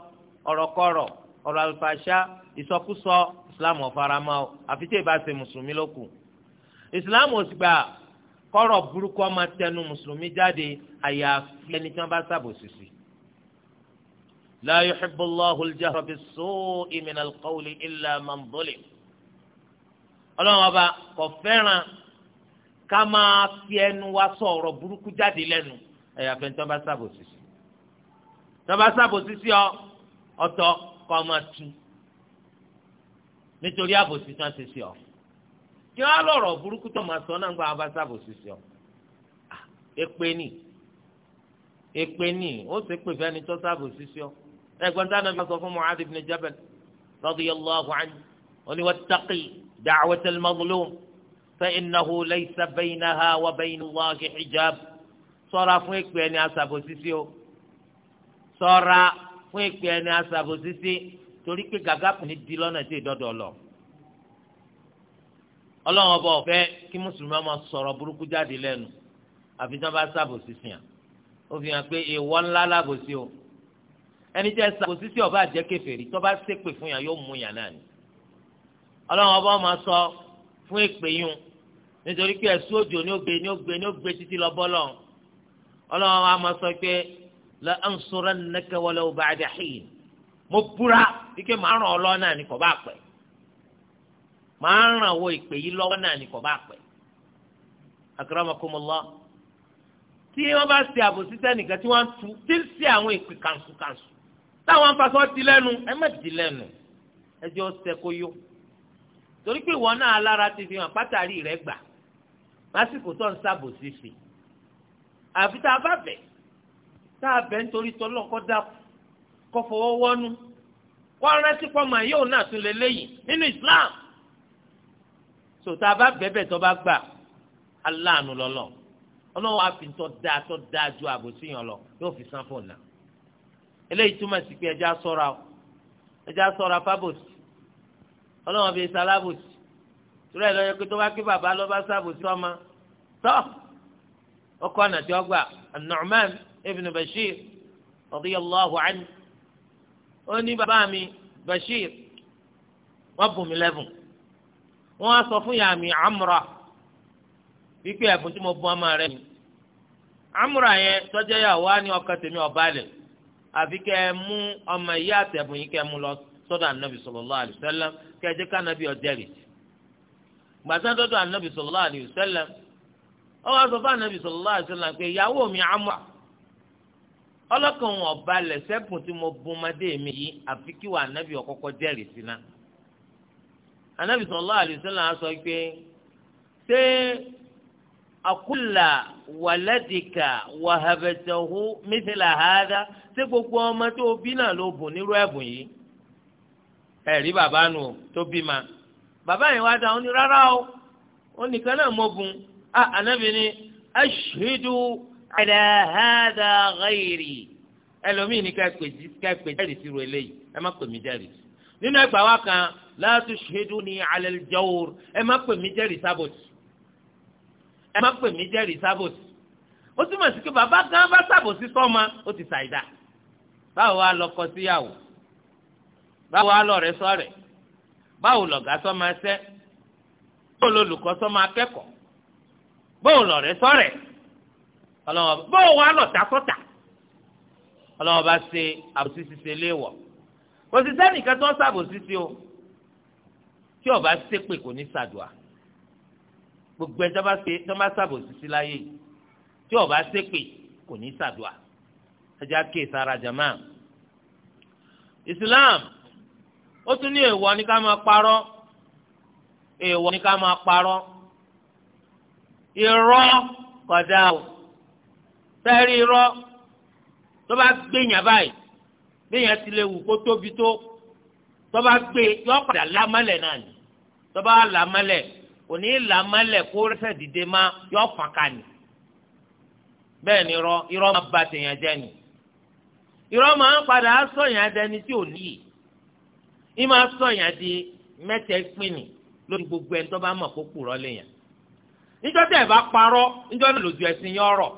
ọ̀rọ̀ kọ̀rọ̀ ọ̀rọ̀ alfàṣà ìsọkúsọ islam ọ̀farama o àfi tí ì bá ṣe mùsùlùmí ló kù islam ò sì gbà kọ́rọ̀ burúkú ọmọ tẹnu mùsùlùmí jáde àyàfi ẹni tí wọ́n bá ṣàbòsí sí. la yuhibbu Allahu al-jahra bis-su'i min al-qawli illa man zulim. ọlọ́run ọba kò fẹ́ràn ká máa fi ẹnu wa sọ ọ̀rọ̀ burúkú jáde lẹ́nu àyàfi ẹni tí wọ́n bá ṣàbòsí sí. tí wọ́n bá ṣàbòsí sí ọ ọ̀tọ̀ kọ́ ọ tún nítorí àbòsí tán ṣe sí ọ kí wọn á lọ̀rọ̀ burúkú tó máa sọ náà gba wọn bá sábòsí sí ọ èpè ni èpè ni ó sì pè fẹ́ni tó sábòsí sí ọ ẹ̀gbọ́n tí Ànábì sọ fún Mu'adh ibn Jabal radiyallahu anhu ó ní wattaqi da'wata al-mazlum fa innahu laysa baynaha wa bayna Allahi hijab ṣọ́ra fún èpè ẹni aṣàbòsí sí o ṣọ́ra fún èpè ẹni aṣàbòsí sí o torí pé gàgà kò ní di lọ́nà tí ìdọ́dọ̀ lọ. ọlọ́run ọba ọ̀fẹ́ kí mùsùlùmí ọmọ sọ̀rọ̀ burúkú jáde lẹ́nu àfi tí wọ́n bá ṣàbòsí sí yàn ó fi hàn pé ìwọ ńlá lábòsí o ẹni tẹ́ ṣàbòsí sí ọba àjẹ́ kèfèrí tó bá ṣépè fún yàn yóò mú yàn náà ni. ọlọ́run ọba ọmọ sọ fún èpè yún nítorí pé ẹ̀sùn òjò ni ó gbé ni ó gbé ni ó gbé títí lọ bọ́lọ́run ọlọ́run ọba ọmọ sọ pé la mo búra ike màá ràn ọ́ lọ́wọ́ náà ní kò bá pẹ́ màá ràn wo ìpè yìí lọ́wọ́ náà ní kò bá pẹ́ akramakumullah tí wọ́n bá ṣe àbòsí sẹ́nìkan tí wọ́n tu tí ń ṣe àwọn ìpè kàǹsùkàǹsù táwọn afasọ́ di lẹ́nu ẹ má di lẹ́nu ẹ jẹ́ ó ṣe kó yó torí pé ìwọ náà alára ti fi hàn pátárì rẹ gbà lásìkò tó ń ṣàbòsí sí àfi tá a bá bẹ̀ tá a bẹ̀ nítorí tọ́lọ́kọ́ dákú kó fọwọ́ wọ́nú wọ́n rántí pọ́nmọ́ yóò náà tún lè léyìn nínú Islam sòtá bá bẹ́bẹ̀ tó bá gbà aláàánú lọ́lọ́ ọlọ́wọ́ àfi tó dáa tó dáa ju àbòsí yàn lọ yóò fi san fún ọ̀nà eléyìí túmọ̀ sí pé ẹja sọ́ra o ẹja sọ́ra fábòsí ọlọ́wọ́ bíi sálábòsí tura ìlọyọ pé tó bá kí bàbá lọ bá sábòsí ọmọ tọ́ ọkọ ànàjọ́ gbà An-Nu'man ibn Bashir radiyallahu anhu. ó ní bàbá mi Bashir wọn bùn mí lẹ́bùn wọ́n á sọ fún ìyá mi Amra wípé ẹ̀bùn tí mo bùn ọmọ rẹ̀ mi Amra yẹn tọ́jú yà wá ní ọkàn tèmi àfi kẹ́ ẹ mú ọmọ ìyá àtẹ̀bùn yìí kẹ́ ẹ mú lọ sọ́dọ̀ ànábì sallallahu alaihi wasallam kẹ́ ẹ jẹ́ ká ànábì ọ̀jẹ̀rì gbàtà dọ́dọ̀ ànábì sallallahu alaihi ọlọ́kàn wọn ọba lẹ́sẹ̀kùn tí mo bùn ọmọdé mi yìí àfi kí wà ànábì ọ̀kọ́kọ́ jẹ́rìí sí náà ànábì sallallahu alaihi wasallam sọ pé ṣé àkúlà wàlẹ́dìkà wàhábẹ̀tẹ̀hù mithla hadha ṣé gbogbo ọmọ tó bí náà ló bùn nírú ẹ̀bùn yìí ẹ̀rí bàbá nù tó bí ma bàbá yẹn wá dá ọ rárá o ó náà mo bùn ah, ànábì ni ashhidu ala hadha ghairi ẹlòmíì ní ká pè jẹ́rìí sí ru eléyìí ẹ má pè mí jẹ́rìí sí nínú ẹgbàá wa kan la tushhiduni ala al-jawr ẹ má pè mí jẹ́rìí sábòtì ẹ má pè mí jẹ́rìí sábòtì ó túmọ̀ sí pé bàbá gan bá sábòtì sọ́ma ó ti ṣàìdá báwo wá lọkọ síyàwó báwo wá lọ̀rẹ́ sọ̀rẹ́ báwo lọ̀gá sọ́ma ṣẹ́ báwo lolùkọ́ sọ́ma akẹ́kọ̀ọ́ báwo lọ̀rẹ́ sọ̀rẹ́ ọlọ́wọ́n bóò wá lọ́tà sọ́tà ọlọ́wọ́n bá ṣe àbòsí ṣiṣe léèwọ̀ kò sì sẹ́nìkan tó ń ṣàbòsí sí o tí ọba ṣépè kò ní ṣàdùà gbogbo ẹ tó bá ṣàbòsí sí láyé yìí tí ọba ṣépè kò ní ṣàdùà ẹja ké sara jama Islam ó tún ní èèwọ̀ ní ká máa parọ́ èèwọ̀ ní ká máa parọ́ irọ́ kọjá o. sẹ́rí irọ́ tó bá gbé yàn báyìí bí yàn ti lè wù kó tóbi tó tó bá gbé yọ padà lámálẹ̀ náà ni tó bá kò ní làmálẹ̀ kó rẹ́sẹ̀ dìde má yọ fàkà ni bẹ́ẹ̀ ni irọ́ irọ́ máa ba tèèyàn jẹ́ ni irọ́ máa ń padà tí ò níyì ní máa di pínì lórí gbogbo ẹni tó bá mọ̀ kó kúrọ́ níjọ́ tẹ̀ bá parọ́ níjọ́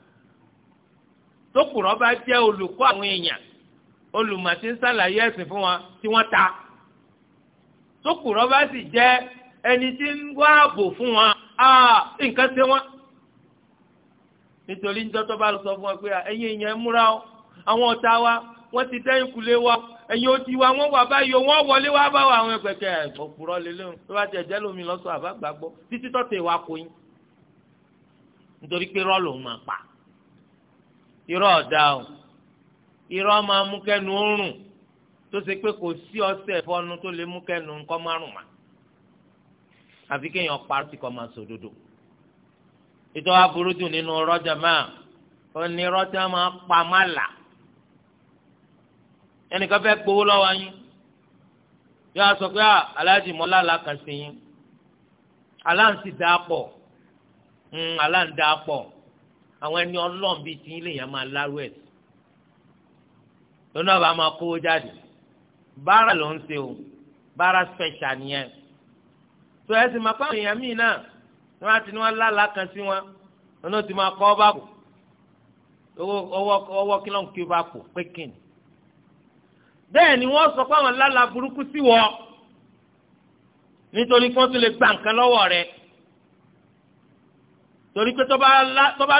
tókùrọ̀ bá jẹ́ olùkọ́ àwọn èèyàn olùmọ̀tí ń sàlàyé ẹ̀sìn fún wọn tí wọ́n ta tókùrọ̀ bá sì jẹ́ ẹni tí ń wá ààbò fún wọn nǹkan ṣe wọn. nítorí níjọ́ tó bá sọ fún wọn pé ẹ̀yin èèyàn múra o àwọn ọ̀tá wa wọ́n ti dẹ́yìn kulé wa ẹ̀yin odi wa wọ́n wà báyìí wọ́n wọlé wá bá wa àwọn ẹgbẹ̀kẹ́ òpùrọ̀ lélẹ́hùn tó bá jẹ́ jẹ́lómi lọ́sọ̀ àbá gbàgbọ́ títí tọ́tẹ̀ wa kò yín nítorí pé rọ́ọ̀lù irọ́ ọ̀dà o irọ́ máa mú kẹ́nu oorun tó ṣe pé kò sí ọṣẹ ìfọnu tó lè mú kẹ́nu ńkọ́ márùn ma àfi kéèyàn parí tí kò máa sòdodo ìtọ́ aburú jù nínú rọ́jà máa ó ní rọ́jà máa pa má là ẹnìkan fẹ́ gbowó lọ́wọ́ yín yóò sọ pé ah, aláàjì mọ́lá la àwọn ẹni ọlọ́run bíi ti ilé yẹn máa lárú ẹ̀ sí lọ́nà bá máa kówó jáde bára ló ń ṣe o bára special nìyẹn tó ẹ sì máa pa àwọn èèyàn míì náà ni wọ́n á ti ní wọ́n lálàá kan sí wọn lọ́nà tí máa kọ́ ọ bá kù owó kí ló ń kí ó bá kù pé kí ni bẹ́ẹ̀ ni wọ́n sọ pé àwọn lálàá burúkú sí wọ nítorí kí wọ́n tún lè gba nǹkan lọ́wọ́ rẹ̀ torí pé tọ́ba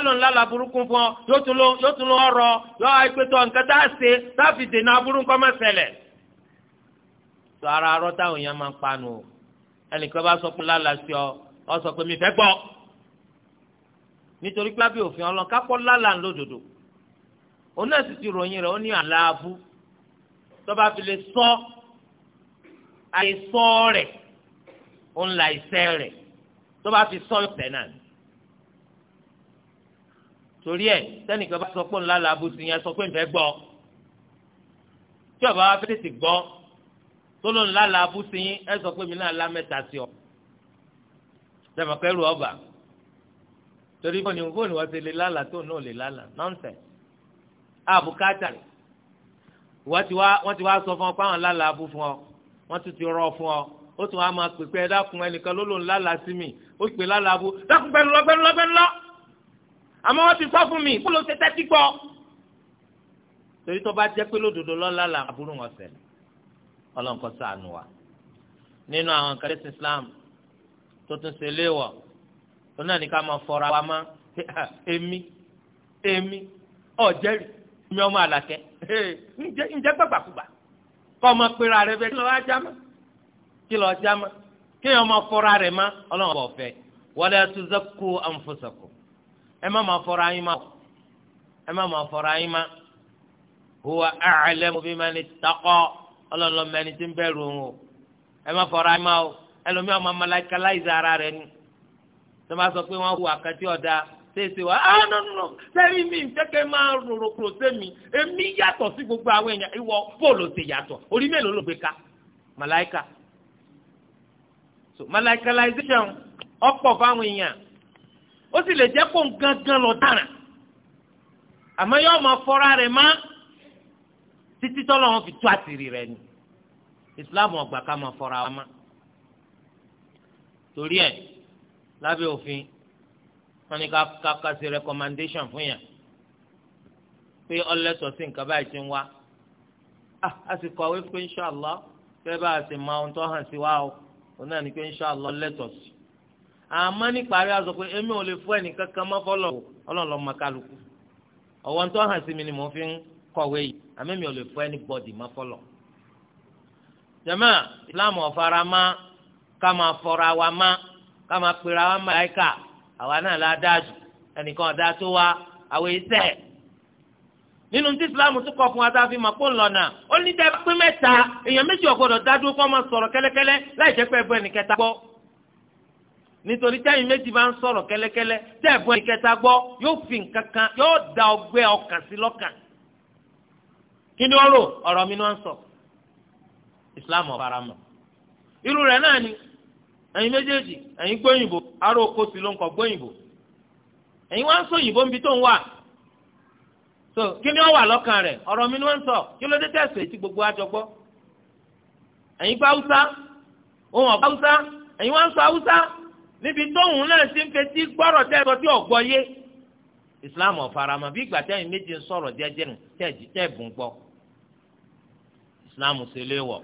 lò ńlá la burúkú fún ọ yóò tún lọ yóò tún lọ ọ̀rọ̀ yóò wá pé tọ́ nǹkan tá a ṣe tá a fi dènà aburú nǹkan má sọ ara arọ táwọn èèyàn máa ń panu o ẹnìkan bá sọ pé lálàá sí ọ ọ sọ pé mi fẹ́ gbọ́ nítorí pé lábẹ́ òfin ọlọ́n kápọ́ lálàá lódodo òun náà sì ti ròyìn rẹ̀ ó ní àlàábù tọ́ba fi lè sọ àìsọ rẹ̀ òun là ìṣẹ́ rẹ̀ tọ́ba fi sọ ìṣẹ́ náà torí ẹ sẹ́nìkan bá sọ pé ńlá la abùsùn yẹn sọ pé ńfẹ́ gbọ́ tí ọba wa fẹ́ẹ́ tètè gbọ́ tó ló ńlá la abùsùn yín ẹ sọ pé mi náà la mẹ́ta sí ọ tẹmọkẹ́rù ọba torí bọ́ọ̀nì bọ́ọ̀nì wọ́n ti lè lálàá tó náà lè lálàá nọ́ọ̀sẹ̀ àbùkátà rẹ̀ wọ́n ti wá sọ fún ọ pé àwọn lálàá abú fún ọ wọ́n tún ti rọ fún ọ ó tún wá máa pèpè ẹ dákun ẹnìkan ló lòun lálàá sí mi ó pè lálàá abú dákun pẹ̀lú lọ pẹ̀lú lọ pẹ̀lú lọ àmọ́ wọ́n ti sọ fún mi kó ló ṣe tẹ́tí gbọ́. torí tó bá jẹ́ pé lódodo lọ́la là àbúrò wọn ṣẹlẹ̀ ọlọ́nkọ́ ṣàánú wa. nínú àwọn kan ẹ̀sìn Islam tó tún ṣe léèwọ̀ tó náà ní ká máa fọra wa mọ́ [LAUGHS] èmi èmi ọ̀jẹ̀rì mi ọmọ àlàkẹ́ [LAUGHS] ǹjẹ́ gbàgbàkúgbà kọ́ ọmọ pera rẹ bẹ́ẹ̀ kí lọ́ọ́ ajá mọ́ kí lọ́ọ́ ajá mọ́ kí ọmọ fọra rẹ mọ́ ọlọ́run ọ̀fẹ́ wala tuzakku anfusakum ẹ ma ma fọrọ yín má ẹ má máa fọra yín má huwa a'lamu biman ittaqa ọlọ́lọ́ mẹ́ni tí ń bẹ̀rù òun o yín ma o ẹlòmíà ara rẹ ni tó bá sọ pé wọ́n hu àkàtì ọ̀dà ṣèṣe wa ah no no no sẹ́yìn mi jẹ́kẹ́ máa rorò kúrò sẹ́mi èmi yàtọ̀ sí gbogbo àwọn èèyàn ìwọ bóòlù ti yàtọ̀ orí mélòó ló gbé ka malaika. so malaikalization ọ̀pọ̀ fáwọn èèyàn ó sì lè jẹ́ kó ń gangan lọ tàrà àmọ́ yóò máa fọ́ra rẹ̀ má títí tọ́lọ́ wọn fi tú àṣírí rẹ̀ ni ìsìláàmù ọgbà ká máa fọ́ra wa má torí ẹ̀ lábẹ́ òfin wọn ni ká ká ṣe recommendation fún yàn pé ọlẹ́tọ̀ sí nǹkan báyìí ti ń wá ah, a sì kọ̀wé pé inṣàlá fẹ́ bá a sì máa ohun tó hàn sí wa o òun náà ni pé inṣàlá ọlẹ́tọ̀ sí i àmọ́ níparí azọ pé èmi ò lè fún ẹnìkan kan mọ́ fọlọ́ ọlọ́run lọ́ọ́ ma kálukú ọ̀wọ́n tó hàn sí mi ni mò ń fi ń kọ̀wé yìí àmọ́ mi ò lè fún ẹnìbọ̀dì mọ́ fọlọ́ jàmáà islam ọ̀fara má ká máa fọra wa má ká máa pera wa má láìka àwa náà la dáa jù ẹnìkan ọ̀dá tó wa àwọn ìṣe nínú tí islam tún kọ fún wa tá a fi mọ̀ kó ń lọ náà ó ní dẹ́ pé mẹ́ta èèyàn méjì ọ̀gbọ́dọ̀ nítorí táyì méjì bá ń sọ̀rọ̀ kẹ́lẹ́kẹ́lẹ́ tẹ́ ẹ̀bùn ìkẹta gbọ́ yóò fi nǹkan kan yóò da ọgbẹ́ ọkàn sí lọ́kàn kí ni wọ́n rò ọ̀rọ̀ mi ni wọ́n sọ Islam ọ̀faramọ̀ irú rẹ̀ náà ni ẹ̀yin méjèèjì ẹ̀yin gbóyìnbó aró oko sí ló ń kọ́ gbóyìnbó ẹ̀yin wá ń sọ òyìnbó níbi tó ń wà so kí ni wọ́n wà lọ́kàn rẹ̀ ọ̀rọ̀ mi ni wọ́n sọ kí ló dé tẹ̀sán ètí gbogbo àjọgbọ́ ẹ̀yin gbá Haúsá òun ọ̀gbá Haúsá ẹ̀yin wá ń sọ Haúsá níbi tóun náà ṣe ń fetí gbọ́rọ̀ tẹ́ sọ tí ọ̀gbọ́ yé islam ọ̀farama bí ìgbà tẹ́yìn méje ń sọ̀rọ̀ jẹ́jẹ́ nù tẹ́ẹ̀jì tẹ́ẹ̀bù ń gbọ́ islam ṣe léwọ̀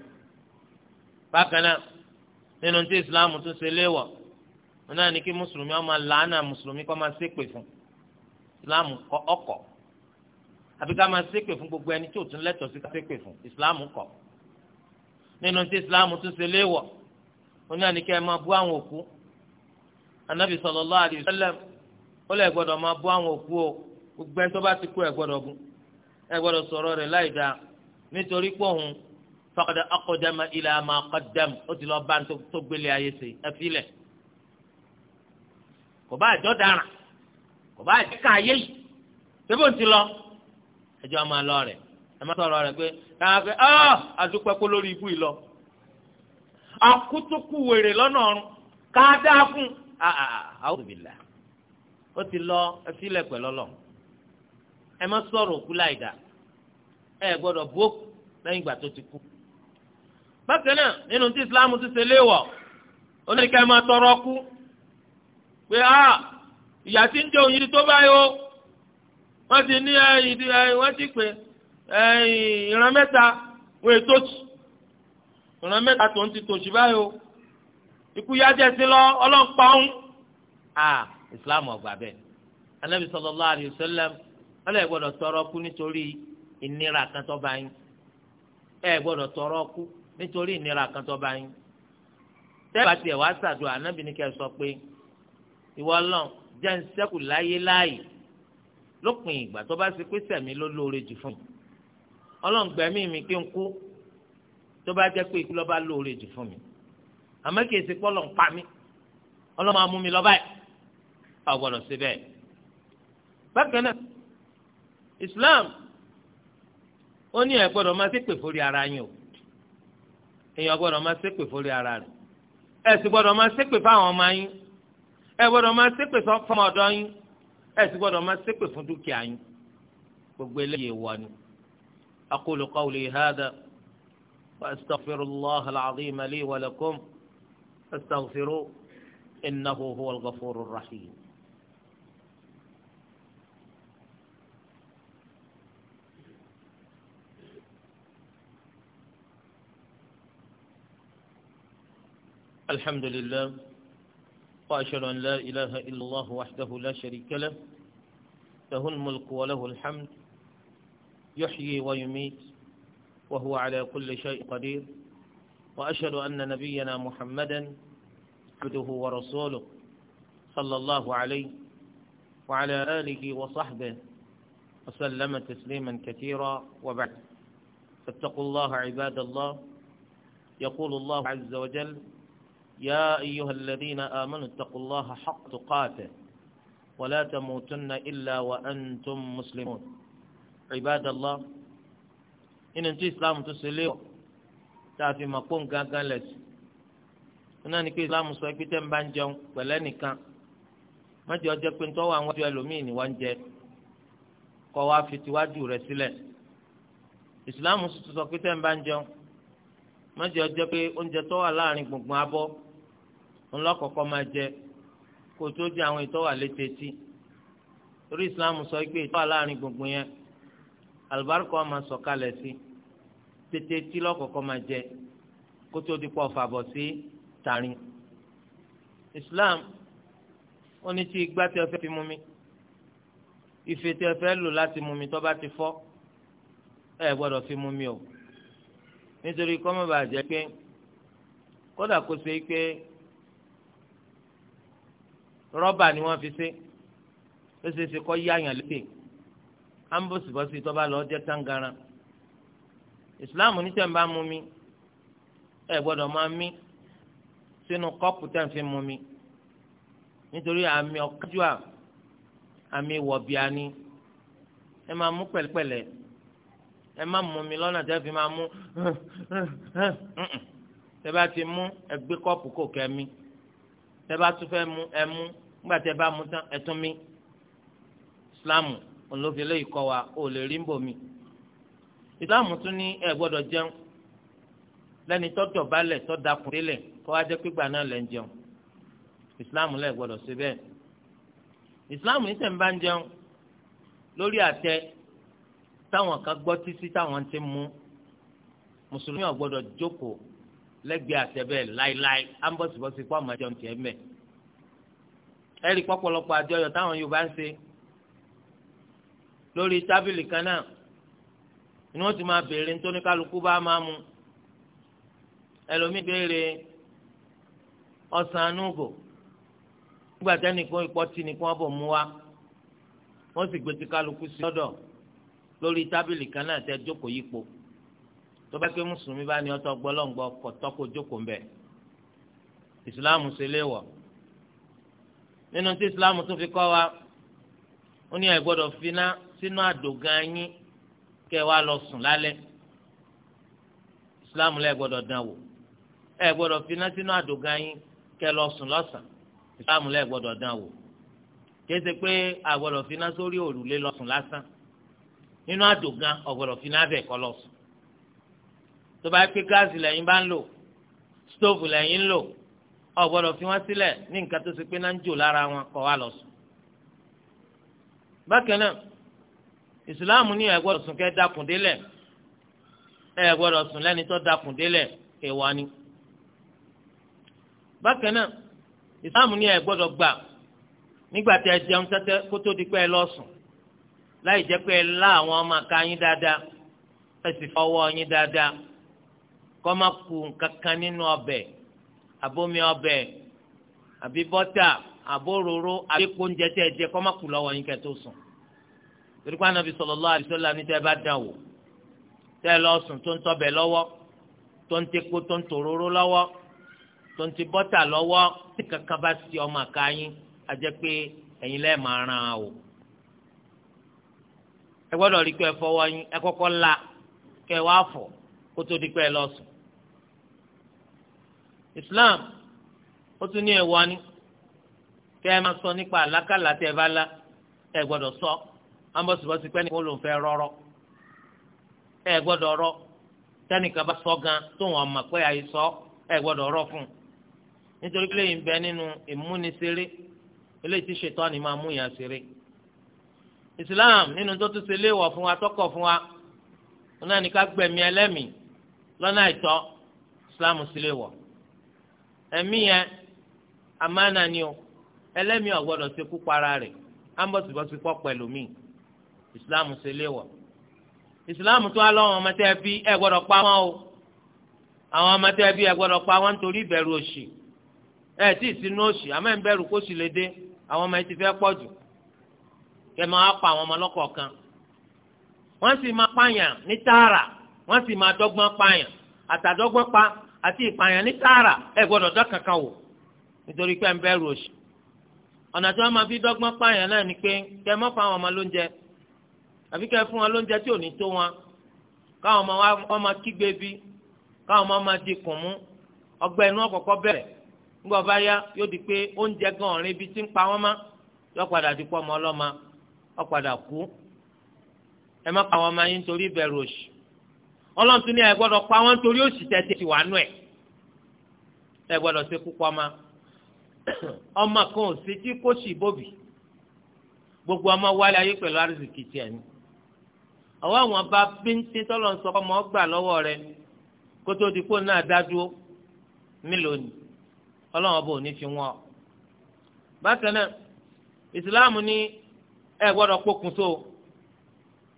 bákan náà nínú tí islam tún ṣe léwọ̀ wọn náà ní kí mùsùlùmí ọmọ làánà mùsùlùmí kọ́ máa ṣépè fún islam ọkọ̀ àbí ká máa ṣépè fún gbogbo ẹni tí ò tún sí ká fún islam kọ̀ nínú tí islam tún ṣe léwọ̀ wọn náà ní kí ẹ máa bú àwọn òkú anabi sallallahu alaihi wasallam ó lè gbọ́dọ̀ máa bú àwọn òkú o gbogbo ẹni tó bá ti kú ẹ gbọ́dọ̀ bú ẹ gbọ́dọ̀ láì dáa nítorí pé òun faqad aqdama ila ma qaddam ó ti lọ bá ń tó gbélé ayé sí ẹ filẹ̀ kò bá àjọ dára kò bá àjẹ ká ayé yìí ṣébò ń ti lọ ẹjọ́ máa lọ rẹ̀ ẹ má sọ̀rọ̀ rẹ̀ pé káwọn fẹ́ ọ́ àdúpẹ́ lórí ikú yìí lọ akutuku wèrè lọ́nà ọ̀run ká fún un àwòbìlà ah, ah, ah, ó ti lọ ẹfílẹ̀ pẹ̀lọ́lọ́ ẹ má sọ̀rọ̀ òkú láì dá ẹ gbọ́dọ̀ bó lẹ́yìn ìgbà tó ti kú. bákan náà nínú tí islam ti ṣe léèwọ̀ oníkẹ́ máa tọrọ kú pé a ìyá tí ń jẹ òyìn tó báyìí o wọ́n ti ní eh, eh, wọ́n ti pè eh, ìran mẹ́ta wọ́n ètò ìran mẹ́ta tó ń ti tòṣì báyìí o ikú yá jẹ́sí lọ ọlọ́run pa a islam ọgbà bẹ́ẹ̀ anabi sallallahu alayhi wa sallam ọlọ́ọ̀ gbọ́dọ̀ tọrọ kú nítorí ìnira kan tó bá yín ẹ gbọ́dọ̀ tọrọ kú nítorí ìnira kan tó bá yín. tẹ́lẹ̀ bá tiẹ̀ wá ṣàdúrà anabi ní kẹ́ sọ pé ìwọ lọ jẹ́ ń sẹ́kù láyé láàyè lópin ìgbà tó bá ṣe pé sẹ̀mí ló lóore jù fún mi ọlọ́run mi kí n kú tó bá jẹ́ pé ikú ló lóore jù fún mi àmọ́ kìí ṣe pọ́lọ̀ ń pa mí ọlọ́mọ amú mi lọ báyìí a gbọ́dọ̀ ṣe bẹ́ẹ̀. bákan náà Islam ó ní ẹ gbọ́dọ̀ máa ṣépè fórí ara yín o èèyàn gbọ́dọ̀ máa ṣépè fórí ara rẹ̀ ẹ sì gbọ́dọ̀ máa ṣépè fáwọn ọmọ yín ẹ máa ṣépè fún ọ̀dọ́ yín ẹ gbọ́dọ̀ máa ṣépè fún dúkìá yín gbogbo eléyìí wọ ni. aqulu qawli hadha wa astaghfirullaha al-azima li فاستغفروه إنه هو الغفور الرحيم الحمد لله وأشهد أن لا إله إلا الله وحده لا شريك له له الملك وله الحمد يحيي ويميت وهو على كل شيء قدير وأشهد أن نبينا محمدا عبده ورسوله صلى الله عليه وعلى آله وصحبه وسلم تسليما كثيرا وبعد فاتقوا الله عباد الله يقول الله عز وجل يا أيها الذين آمنوا اتقوا الله حق تقاته ولا تموتن إلا وأنتم مسلمون عباد الله إن أنت إسلام تسليه tá a fi mọ̀ pé òun gángan lẹ̀sùn wọn náà ní pé islam sọ pé tẹ́ ń bá ń jẹun pẹ̀lẹ́ nìkan mọ́jọ́ jẹ́ pé nítorí àwọn ọjọ́ ẹlòmíì ni wọ́n ń jẹ kọ́ wa fi tiwájú rẹ̀ sílẹ̀ islam sì tún sọ pé tẹ́ ń bá ń jẹun mọ́jọ́ jẹ́ pé oúnjẹ tó wà láàrin gbùngbùn abọ́ ńlọ́kọ̀ọ́kọ́ máa jẹ kó tó di àwọn ìtọ́wà létí etí torí islam sọ pé ìtọ́wà láàrin gbùngbùn yẹn àlùbáríkà máa sọ̀kalẹ̀ sí i tètè tí lọ́kọ̀ọ́kọ́ máa jẹ kó tó di pọ̀ fàbọ̀ sí tàrin Islam ó ní tí igbá tẹ fẹ́ fi mú mi ife tẹ fẹ́ lò láti mú mi tó bá ti fọ́ ẹ gbọ́dọ̀ fi mú mi o nítorí kọ́mọ́bà jẹ́ pé kódà kó ṣe pé rọ́bà ni wọ́n fi ṣe ó ṣe é ṣe kọ́ yáyàn lókè ambosibosi tó bá lọ jẹ́ tangaran ìsìláàmù ní tẹ̀m̀bá mu ẹ gbọ́dọ̀ máa mí sínú kọ́pù tẹ̀m̀fín mu nítorí àmì ọ̀kájú à àmì wọ̀bìà ni ẹ máa mú pẹ̀lẹ́pẹ̀lẹ́ ẹ má mú mi lọ́nà tẹ́ fi máa mú tẹ́ bá ti mú ẹ gbé kọ́pù kò kẹ́ mi tẹ́ bá tún fẹ́ mú ẹ mú nígbà tẹ́ bá mú tán ẹ tún mí ìsìláàmù òun ló fi léyìí kọ́ wa ò lè rí ń Islam tún ní ẹ gbọ́dọ̀ jẹun lẹ́ni tó dọ̀bálẹ̀ tó dakùn délẹ̀ kó wá jẹ́ pípa náà lẹ́ ń jẹun ìsìláàmù lẹ́ gbọ́dọ̀ ṣe bẹ́ẹ̀ ìsìláàmù ní sẹ́ńbà ń jẹun lórí àtẹ táwọn kan gbọ́ títí táwọn ti mú mùsùlùmí ò gbọ́dọ̀ jókòó lẹ́gbẹ̀ẹ́ àtẹ bẹ́ẹ̀ láéláé ámbọ̀sibọ́sí pọ́ àmọ́ jẹun tiẹ̀ mẹ́ ẹ̀rí pọ́pọ́lọpọ̀ àjọyọ̀ táwọn Yorùbá ń ṣe lórí tábìlì kan náà ni wọ́n ti máa béèrè nítorí kálukú bá máa mu ẹlòmíì béèrè ọ̀sán anúgò nígbà tẹ́nìkan ìpọ́ tí nìkan bọ̀ mú wa wọ́n sì gbé ti kálukú sí lọ́dọ̀ lórí tábìlì kan náà tẹ́ jókòó yípo tó bá pé mùsùlùmí bá ní ọtọ gbọlọ́ngbọ kọ̀tọ́kọ jókòó mbẹ́ ìsìláàmù ṣe léèwọ̀ nínú tí ìsìláàmù tún fi kọ́ wa ó ní ẹ̀ gbọ́dọ̀ finá sínú àdògán yín kẹ́ wa lọ sùn lálẹ́ islam lẹ gbọ́dọ̀ dán wò ẹ gbọ́dọ̀ fi sínú àdògán yín lọ sùn islam lẹ gbọdọ dán wò kéde pé àgbọdọ fi sórí òrùlé lọ lásán nínú àdògán ọgbọ́dọ̀ fi iná bẹ́ẹ̀ lọ sùn tó bá pé gáàsì bá ń lò stóòfù ń lò fi wọn ní nǹkan tó ṣe pé náà ń jò lára wọn kọ lọ sùn ìsìláàmù ní ẹ gbọ́dọ̀ sùn kẹ́ dákun délẹ̀ ẹ gbọ́dọ̀ sùn lẹ́ni tó dákun délẹ̀ èèwọ̀ ni. bákan náà ìsìláàmù ní ẹ gbọ́dọ̀ gbà nígbà tí ẹ jẹun tẹ́tẹ́ kó tó di pé ẹ lọ sùn láì jẹ́ pé ẹ lá àwọn ọmọ àka yín dáadáa ẹ sì fọwọ́ yín dáadáa kọ́ má ku nǹkan nínú ọbẹ̀ àbómi ọbẹ̀ àbí bọ́tà àbóróró àbí kóúnjẹ tẹ́ ẹ jẹ kọ́ má ku lọ́wọ́ yín kẹ́ tó sùn torí pé anabi sallallahu alaihi wasallam ní tẹ́ bá dàn wò tẹ́ lọ sùn tó ń tọbẹ̀ lọ́wọ́ tó ń tẹ kó tó ń tòróró lọ́wọ́ tó ń ti bọ́tà lọ́wọ́ tí kankan bá sí ọmọ àká yín a jẹ́ pé ẹ̀yin lẹ́ẹ̀ máa ràn án o. ẹ gbọ́dọ̀ rí i pé ẹ fọwọ́ yín ẹ kọ́kọ́ la kẹ́ ẹ wá fọ̀ kó tó di pé ẹ lọ sùn. Islam ó tún ní ẹ̀wọ́ ni kẹ́ ẹ máa sọ nípa àlákàlà tẹ́ ẹ bá la ẹ gbọ́dọ̀ sọ. So ambọ̀sibọ̀sì pẹ́ nìkan ló ń fẹ́ rọ́rọ́ ẹ gbọ́dọ̀ rọ́ tẹ́nìkan bá sọ gan tó wọn mọ̀ pé àyè sọ ẹ gbọ́dọ̀ rọ́ fún un nítorí pé lẹ́yìn bẹ nínú ìmúniṣeré eléyìí tí ṣètọ́ ni máa mú yàn ṣeré Islam nínú tó tún ṣe léèwọ̀ fún wa tọkọ̀ fún wa wọn náà ní ká gbẹ̀mí ẹlẹ́mìí lọ́nà àìtọ́ Islam sì léèwọ̀ ẹ̀mí yẹn amánà ni o ẹlẹ́mìí ò gbọ́dọ̀ ṣekú para rẹ̀ ambọ̀sibọ̀sì pọ̀ pẹ̀lú míì islam ṣe wọ. islam tó wá lọ́wọ́ ọmọ tẹ́ ẹ bí ẹ o àwọn ọmọ tẹ́ ẹ bí ẹ gbọ́dọ̀ pa wọ́n nítorí ìbẹ̀rù òṣì ẹ tí ì sínú òṣì àmọ́ ń lè dé àwọn ọmọ ẹ ti jù kẹ máa wọ́n sì máa pààyàn ní tààrà pa àti ìpààyàn ní tààrà ẹ wò ọ̀nà tí wọ́n máa fi dọ́gbọ́n pààyàn náà ni pé kẹ ọmọ lóúnjẹ àbí kẹ́ fún wọn lóúnjẹ tí ò ní tó wọn káwọn ọmọ wa máa kígbe bí káwọn ọmọ máa di kùn mú ọgbẹ́ inú ọ̀kọ̀ọ̀kọ̀ bẹ̀rẹ̀ nígbà bá yá yóò di pé oúnjẹ gan ọ̀rìn ibi ti ń pa má yọ padà di ọmọ ọ padà kú ẹ má pa wọn máa yín torí ìbẹ̀rù òṣì ọlọ́run tún ní ẹ gbọ́dọ̀ pa wọ́n torí òṣì ti wà nù ẹ gbọ́dọ̀ ṣe kú ọmọ [CLEARS THROAT] ọmọ kan ò sí tí kò sì bòbí gbogbo ọmọ wálé ayé pẹ̀lú àrísìkì tiẹ̀ ni. àwọn àwọn bá bíntín tọ́lọ̀ ń sọ ọmọ ọgbà lọ́wọ́ rẹ kótó dìpọ́ náà dájú mélòó ni ọlọ́wọ́n bò ní fi wọ́n ọ. bákan náà ìsìláàmù ní ẹ gbọ́dọ̀ pokùnso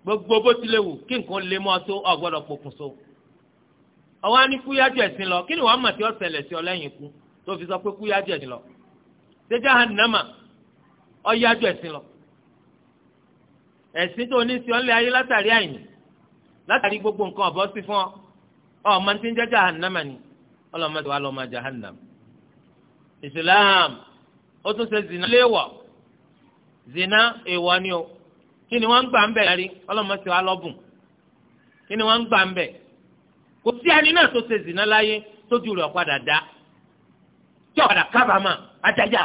gbogbo bó tilẹ̀ wù kí nǹkan lè mọ́ tó ọ gbọ́dọ̀ pokùnso. ọwọ́ á ní kúyájú ẹ̀sìn lọ kí ni wàá mọ̀ tí ó ṣẹlẹ̀ sí ọ lẹ́yìn ikú tó fi sọ pé kúyájú ẹ̀sìn lọ. ṣé jahannama ọ yájú ẹ̀sìn lọ. ẹ̀sìn tó ní sí ọ̀lẹ́ ayé látàrí àyìn látàrí gbogbo nǹkan ọ̀bọ sí fún ọ ọmọ tí ń jẹ́ jahannama ni ọlọ́mọdé wa lọ́ọ́ Islam ó tún ṣe zina léèwọ̀ zina èèwọ̀ ni o kí ni wọ́n ń gbà ń bẹ̀ ọlọ́mọdé wa lọ́bùn kí ni wọ́n ń gbà ń bẹ̀ kò sí ẹni náà tó ṣe zina láyé tójú rẹ̀ tí ọ̀padà kábàámà ajájà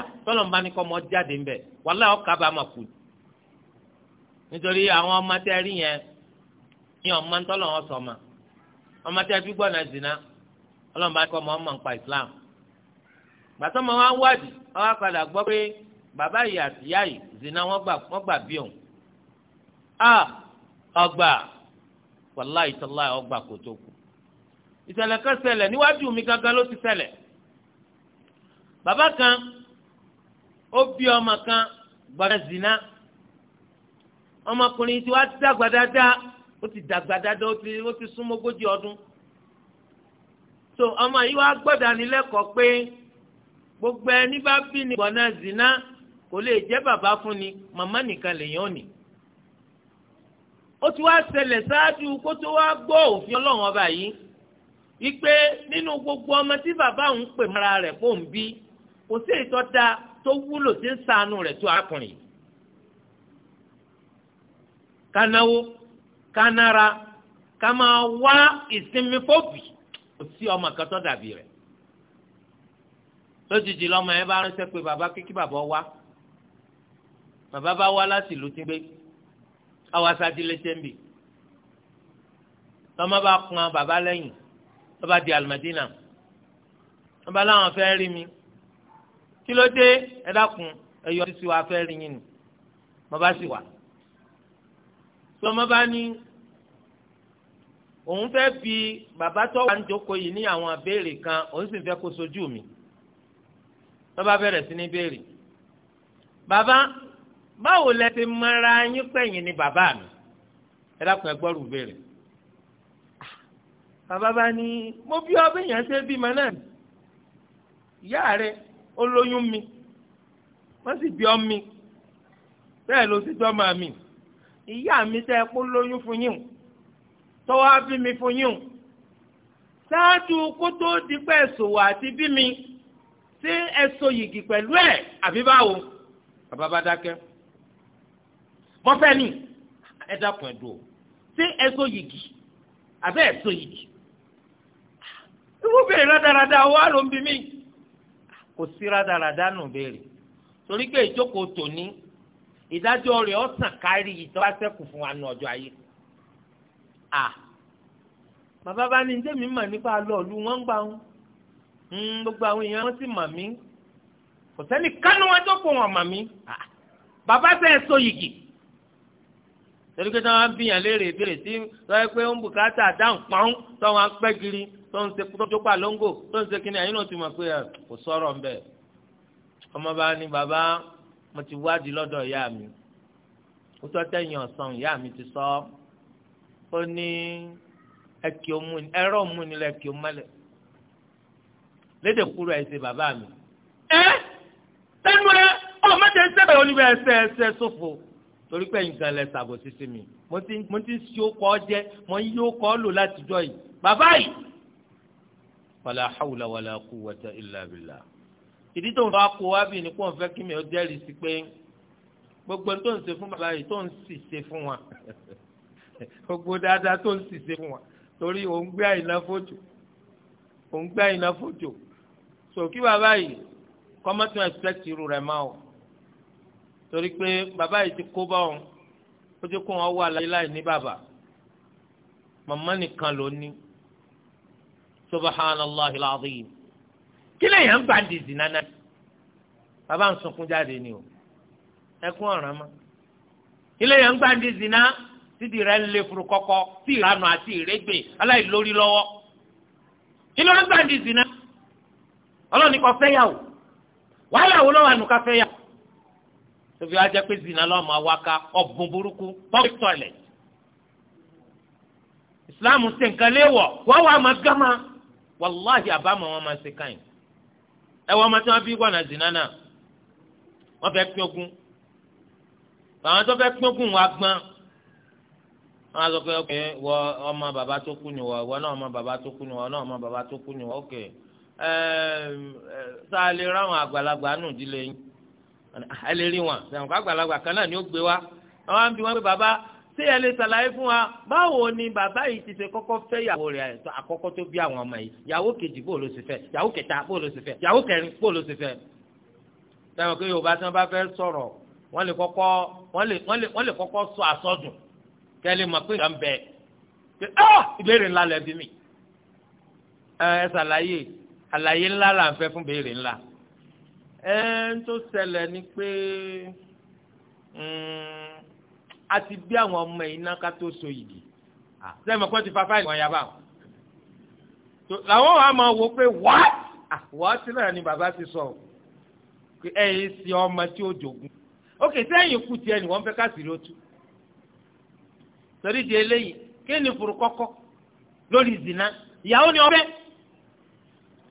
nítorí àwọn ọmọ tẹ́ rí yẹn ní ọmọ ntọ́lọ̀ wọn sọ̀mà ọmọ tẹ́ fi gbọ́nà zina ọlọ́mọba kọ́ ọmọ ọmọ nǹpa Islam gbàtọ́ ọmọ wa wádìí ọwọ́ padà gbọ́ pé bàbá yìí àti ìyá yìí zina wọ́n gbà bí òun a ọgbà wàláì tọ́lá ọgbà kò tó kù ìṣẹ̀lẹ̀ kan ṣẹlẹ̀ níwájú mi gangan ló ti ṣẹlẹ̀ bàbá kan ó bí ọmọ kan gbọ́dọ̀ zina ọmọkùnrin tí wàá dàgbà dáadáa ó ti dàgbà dáadáa ó ti ó ti sún mọ́gójì ọdún so ọmọ yìí wàá gbọ́dọ̀ nílẹ́kọ̀ọ́ pé gbogbo ẹni bá bí ní gbọ̀nà zina kò lè jẹ́ bàbá fún ni màmá nìkan lèyàn ò ní. ó ti wá ṣẹlẹ̀ ṣáájú kó tó wá gbọ́ òfin ọlọ́run ọba yìí wípé nínú gbogbo ọmọ tí bàbá òun pè mọ́ra rẹ̀ fóun bí kò sí ìtọ́ta tó wúlò tí ń ṣàánú rẹ̀ tó arákùnrin yìí kánáwó kanara, kama máa wá ìsinmi fóbì kò sí ọmọ kan tó dàbí rẹ̀ lójijì lọmọ yẹn bá ránṣẹ́ pé bàbá kíkí baba wá baba bá wá láti ìlú tí gbé àwọn asadílé ṣe ń bì lọmọ bá pọn bàbá lẹ́yìn lọba di alimadina lọba láwọn fẹ́ rí mi kí ló dé ẹ dákun ẹ yọ sísú wa fẹ́ rí yín ni bàbá sì wà tọmọ bá ní òun fẹ́ bi bàbá tó wà níjókòó yìí ní àwọn abéèrè kan òun sì fẹ́ kó sojú mi tọ́ba bẹ̀rẹ̀ sí ní béèrè bàbá báwo lẹ ti mọra yín pẹ̀yìn ni bàbá mi ẹ dákun ẹ gbọ́rù béèrè bàbá bá ní mo bí ọ bẹ́yàn ṣe bímọ náà ìyá rẹ ó lóyún mi wọ́n sì bí ọ mi bẹ́ẹ̀ ló ti dọ́ máa mi ìyá mi tẹ́ ẹ kó lóyún fún yín tọ́wọ́ á bí mi fún yín ṣáájú kó tó di pé ẹ̀sọ̀wọ̀ àti bí mi ṣé ẹ̀sọ̀ yìgì pẹ̀lú ẹ̀ àbí báwo bàbá bá dákẹ́ mọ́fẹ́ ni ẹ dákun ẹ̀dùn o ṣé ẹ̀sọ̀ yìgì àbẹ́ ẹ̀sọ̀ yìgì irú béèrè rádaràda wa ló ń bí mi kò sí rádaràda nù béèrè torí pé ìjókòó tòní ìdájọ́ rẹ̀ ọ̀sán kárí ìtọ́wá sẹ́kù fún wa ní ọjọ́ ayé. à bàbá bá ní tẹ́mi mọ̀ nípa lọ́ọ̀lù wọ́n ń gbà wọn hmm, gbogbo àwọn èèyàn wọn sì mọ̀ mí kò sẹ́ni kánú wọn tó kó wọn mọ̀ mí bàbá sẹ́ ẹ sọ yìgì. torí pé táwọn bíyàn léèrè ìbéèrè tí wọ́n yẹ pé ó ń bùkátà dáhùn pọ́n tó wọn pẹ́ giri tó ń ṣe tó tó tó ń ṣe kíni àyínà ti mọ̀ pé kò sọ̀rọ̀ ń bẹ̀ ọmọ bá ní bàbá mo ti wádìí lọ́dọ̀ ìyá mi ó tọ́ tẹ̀yìn ọ̀sán ìyá mi ti sọ ó ní ẹkì omu ẹrọ omu ni lẹ ẹkì omálẹ lédè kúrò ẹsẹ bàbá mi. ẹ ẹnu rẹ ọlọmọdé ẹsẹ bẹ̀rẹ̀ oníbẹ ẹsẹ ẹsẹ ṣòfò torí pé nǹkan lẹ ṣàbò sísè mi mo ti mo ti si ó kọ́ mo yí ó kọ́ lò látijọ́ yìí bàbá yìí. wàlá hàwùlà wàlá kú wàtá ìlà bìlà ìdí tó ń fa kó wá bí ní kó ń fẹ́ kí mi ó jẹ́rìí sí pé gbogbo tó ń ṣe fún bàbá yìí tó ń sì ṣe fún wa [LAUGHS] gbogbo dáadáa tó ń sì ṣe fún wa torí òun gbé àyìnlá fòjò òun gbé àyìnlá fòjò so kí bàbá yìí kọ́mọ́tún expect irú rẹ̀ máa o torí pé bàbá yìí ti kó bá òun ó ti kó wọn wà láyé láì ní bàbá màmá nìkan ló ní subhanallahil azim kí lèèyàn ń bá zina náà bàbá ń sunkún jáde ni o ẹkún ọ̀ràn mọ́ kí lèèyàn ń bá di zina títí rẹ̀ ń lé furu kọ́kọ́ tí ìranù àti ìrẹ́gbẹ̀ aláìlórí lọ́wọ́ kí ló ń bá di zina ọlọ́ni kò fẹ́ yàwó wàhálà wo lọ́wọ́ ànú ká fẹ́ yàwó tóbi wá jẹ́ pé zina lọ́mọ awaka ọ̀bùn burúkú public toilet islam ṣe nǹkan léwọ̀ wọ́n wà má gámà wàláhì àbámọ̀ wọn máa ṣe káyìn ẹ wọ ọmọ tí wọ́n fi wọnà zina náà wọ́n fẹ́ pín ogún àwọn tó fẹ́ pín ogún wa gbọ́n wọ́n á sọ pé ok wọ ọmọ bàbá tó kú ni wọ ìwọ náà ọmọ bàbá tó kú ni wọ ọ náà ọmọ bàbá tó kú ni wọ ok ẹ sá a lè ráwọn àgbàlagbà nù dílé yín ẹ rí wọn sẹwọn kó àgbàlagbà kan náà ni ó gbé wa wọ́n á wọn pé bàbá ṣé ẹ lè ṣàlàyé fún wa báwo ni bàbá yìí ti ṣe kọ́kọ́ fẹ́ ìyàwó rẹ̀ àkọ́kọ́ tó bí àwọn ọmọ yìí ìyàwó kejì bó ló ṣe fẹ́ ìyàwó kẹta bó ló ṣe fẹ́ ìyàwó kẹrin bó ló ṣe fẹ́. táwọn kí yorùbá tí wọn bá fẹ́ sọ̀rọ̀ wọn lè kọ́kọ́ wọn lè kọ́kọ́ sọ àsọdùn mọ̀ pé ìyàn bẹ pé ah ìbéèrè ńlá lẹbi mi. ẹ ẹ ṣàlàyé àlàyé ńlá là ń fẹ́ fún béèrè ńlá. ẹ ń tó ṣẹlẹ̀ ni pé. Hmm, àti bí àwọn ọmọ yìí náà ká tó so yìí sẹ́yìn mọ̀ pé ti fa fáìlì yaba làwọn wàá máa wo pé wọ́t wọ́t náà ni bàbá ti sọ pé ẹ̀yin sí ọmọ tí ó jogun ókè sẹ́yìn kù tiẹ̀ ni wọ́n fẹ́ ká sì ló tú torí di eléyìí kí ni furu kọ́kọ́ lórí zina ìyàwó ni ọbẹ̀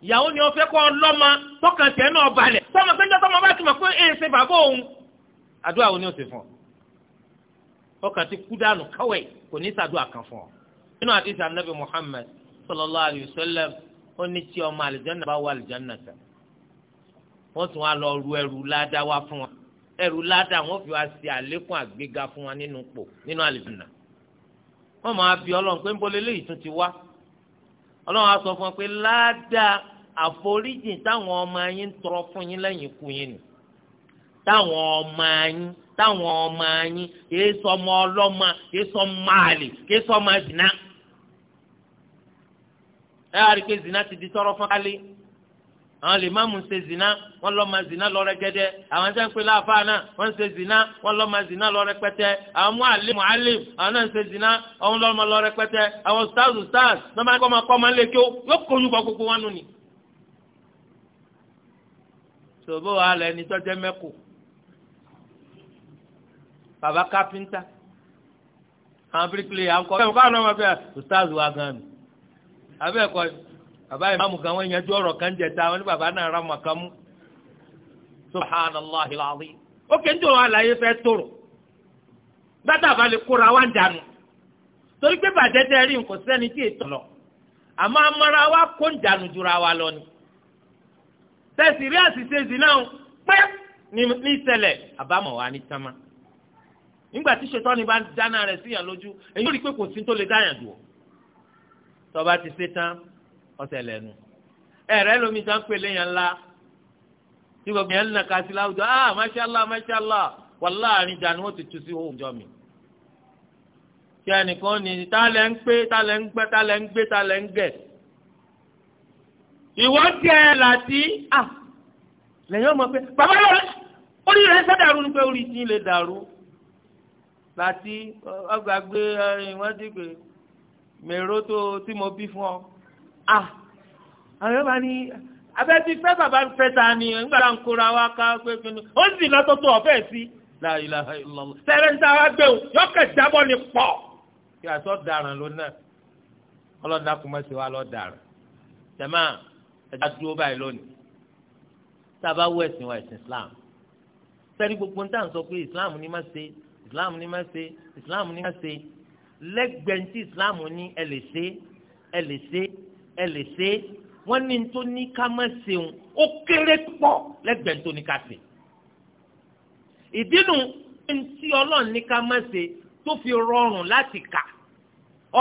ìyàwó ni ọfẹ́ kọ́ ọlọ́mọ tọkàn tẹ̀ náà balẹ̀ sọmọ pé ń jẹ́ sọmọ bá ti mọ̀ pé èèṣe bàbá òun àdúrà wo ni ó ti fún ọ ọkàn ti kú dànù káwẹ̀ kò ní ṣàdúrà kan fún ọ. nínú àdìsí anabi muhammed sallallahu alayhi wa sallam ó ní tí ọmọ àlìjáná bá wà àlìjáná tán wọ́n tún wá lọ ru ẹrù ládá wá fún wa ẹrù ládá wọ́n fi wá sí àlékún àgbéga fún wa nínú pò nínú àlìjáná wọ́n máa bí ọlọ́run pé ń bọ́ lélẹ́yìí tún ti wá ọlọ́run á sọ fún ọ pé ládá àforíjìn táwọn ọmọ yín tọrọ fún yín lẹ́yìn ikú yín ni táwọn ọmọ yín táwọn ọmọ yín kìí sọmọ ọlọ́mọ kìí sọmọ àlè kìí sọmọ zina ẹ á rí i pé zina ti di tọrọ fún kálí àwọn lè má mú ṣe zina wọn lọ ma zina lọ rẹgẹdẹ àwọn sẹ ń pe láàfáà náà wọn ṣe zina wọn lọ ma zina lọ rẹpẹtẹ àwọn mú àlè mú àlè àwọn náà ṣe zina àwọn lọ ma lọ àwọn stars stars náà máa kọ́ ma kọ́ kí ó yóò kóyún bọ gbogbo wọn nù ni. sòbó wa lẹni tọ́jẹ́ mẹ́kù baba kápẹ́ńtà àwọn bíríkìlì à ń kọ́ káwọn ọmọ bẹ́ẹ̀ ustaz wa gan abẹ́ ẹ̀kọ́ bàbá ìmáàmù kan wọ́n yanjú ọ̀rọ̀ kan jẹ ta wọn ní bàbá náà ra mọ̀ kan mú subhanallahi ó kẹ́ ń torí pé bàjẹ́ tẹ́ rí nǹkan sẹ́ni tí ètò lọ wa kó ń dànù wa lọ ni tẹ̀sí rí àṣìṣe pẹ́ ní ìṣẹ̀lẹ̀ àbámọ̀ nígbà tí ṣètọ́ni bá dáná rẹ̀ síyàn lójú èyí rí i pé kò sí tó lè dáyàn dùn tọ́ba ti ṣe tán ọ̀sẹ̀ lẹ́nu ẹ̀rẹ́ lomi tán pèlè yẹn ńlá tí gbogbo yẹn ń nàka sí láwùjọ ah mashallah mashallah wàlá àárín ìjà ni wọ́n ti tu sí òòjọ́ mi kí ẹnìkan ní ta lẹ́ ń pé ta lẹ́ ń gbẹ́ ta lẹ́ ń gbé ta lẹ́ ń gẹ̀ ìwọ tiẹ̀ ah lẹ́yìn ọmọ pé bàbá yọrọ orí rẹ̀ sẹ́dàrú ni pé orí ti lè dàrú láti ọgbàgbé eh, wọn ti pè mèrò tó tí mo bí fún ọ. àwọn yóò bá ní abẹ́ ti fẹ́ bàbá fẹ́ ta ni nígbà tá à ń kóra wa ká pé pinnu ó sì lọ́tọ́tọ́ ọ̀fẹ́ sí. láyé láyé lọ́mọ sẹ́rẹ̀ ń tara gbé o yọkẹ̀ jábọ́ ni pọ̀. kí àtọ́ daràn ló ọlọ́dà kùmọ̀ wa lọ́ọ́ daràn. jama ẹja dúró báyìí lónìí tá a bá wọ ẹ̀sìn wa ẹ̀sìn Islam sẹ́ni gbogbo ń tà ń sọ pé Islam ni má ṣe islam ni ma se. islam ni ma se. lẹ́gbẹ̀ẹ́ tí islam ni ẹ lè ṣe ẹ lè se. ẹ lè ṣe wọ́n ní tó ní ká má ṣeun ó kéré pọ̀ lẹ́gbẹ̀ẹ́ tó ní ká ṣe ìdínú tí ọlọ́run ní ká má ṣe tó fi rọrùn láti kà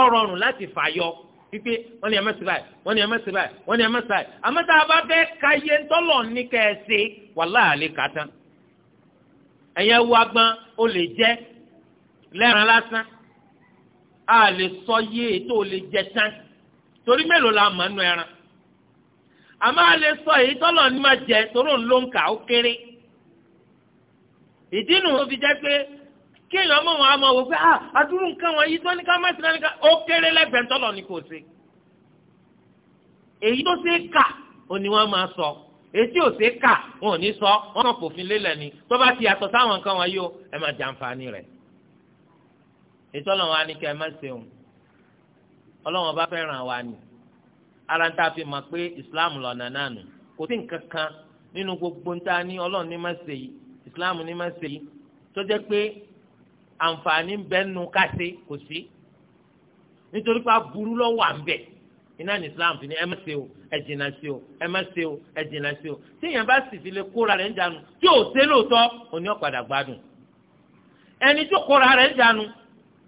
ọ rọrùn láti fàyọ pípé wọ́n ní ẹ má ṣe báyìí wọ́n ní ẹ má ṣe báyìí wọ́n ní ẹ má ṣe báyìí àmọ́ tá a bá fẹ́ ka iye ńtọ́lọ̀ ní kẹ́ ẹ ṣe wàhálà àlè kàtán ẹ̀yẹ wo agbọ́n ó lè jẹ́ lẹ́ran lásán a lè sọ yé e tó lè jẹ tán torí mélòó la mọ̀ nù ẹran àmọ́ a lè sọ èyí tọ́lọ̀ ní máa jẹ torí òun ló ń kà ó kéré ìdí nu tó fi jẹ́ pé kéèyàn mọ̀ wọn a mọ̀ wò pé ah adúrú nǹkan wọn yìí tó ní ká má sí náà ní ká ó kéré lẹ́gbẹ̀ẹ́ tọ́lọ̀ ní kò sí èyí tó ṣe é kà ó ní wọ́n máa sọ. So etí òsè kà wọn ò ní sọ wọn kàn fòfin lélẹ̀ ni tó bá ti yàtọ̀ sáwọn nǹkan wọn yóò ẹ máa jàǹfààní rẹ̀ ètò ọlọ́run á ní kí ẹ má ṣeun ọlọ́run bá fẹ́ràn wa ni ara ń tá a fi mọ̀ pé islam lọ́nà náà nù kò sí nǹkan kan nínú gbogbo ń ta ní ọlọ́run ní má ṣe yìí islam ní má ṣe yìí tó jẹ́ pé àǹfààní bẹ́ẹ̀ nu ká ṣe kò sí nítorí pé aburú lọ́wọ́ à ń bẹ̀ẹ́ iná ní islam fi ni ẹ má ṣe o ẹ jìnnà sí o ẹ má ṣe o ẹ jìnnà sí o tí èèyàn bá sì fi lè kóra rẹ̀ ń jánu tí ò sé lóòótọ́ òní ọ̀padà gbádùn ẹni tó kóra rẹ̀ ń jánu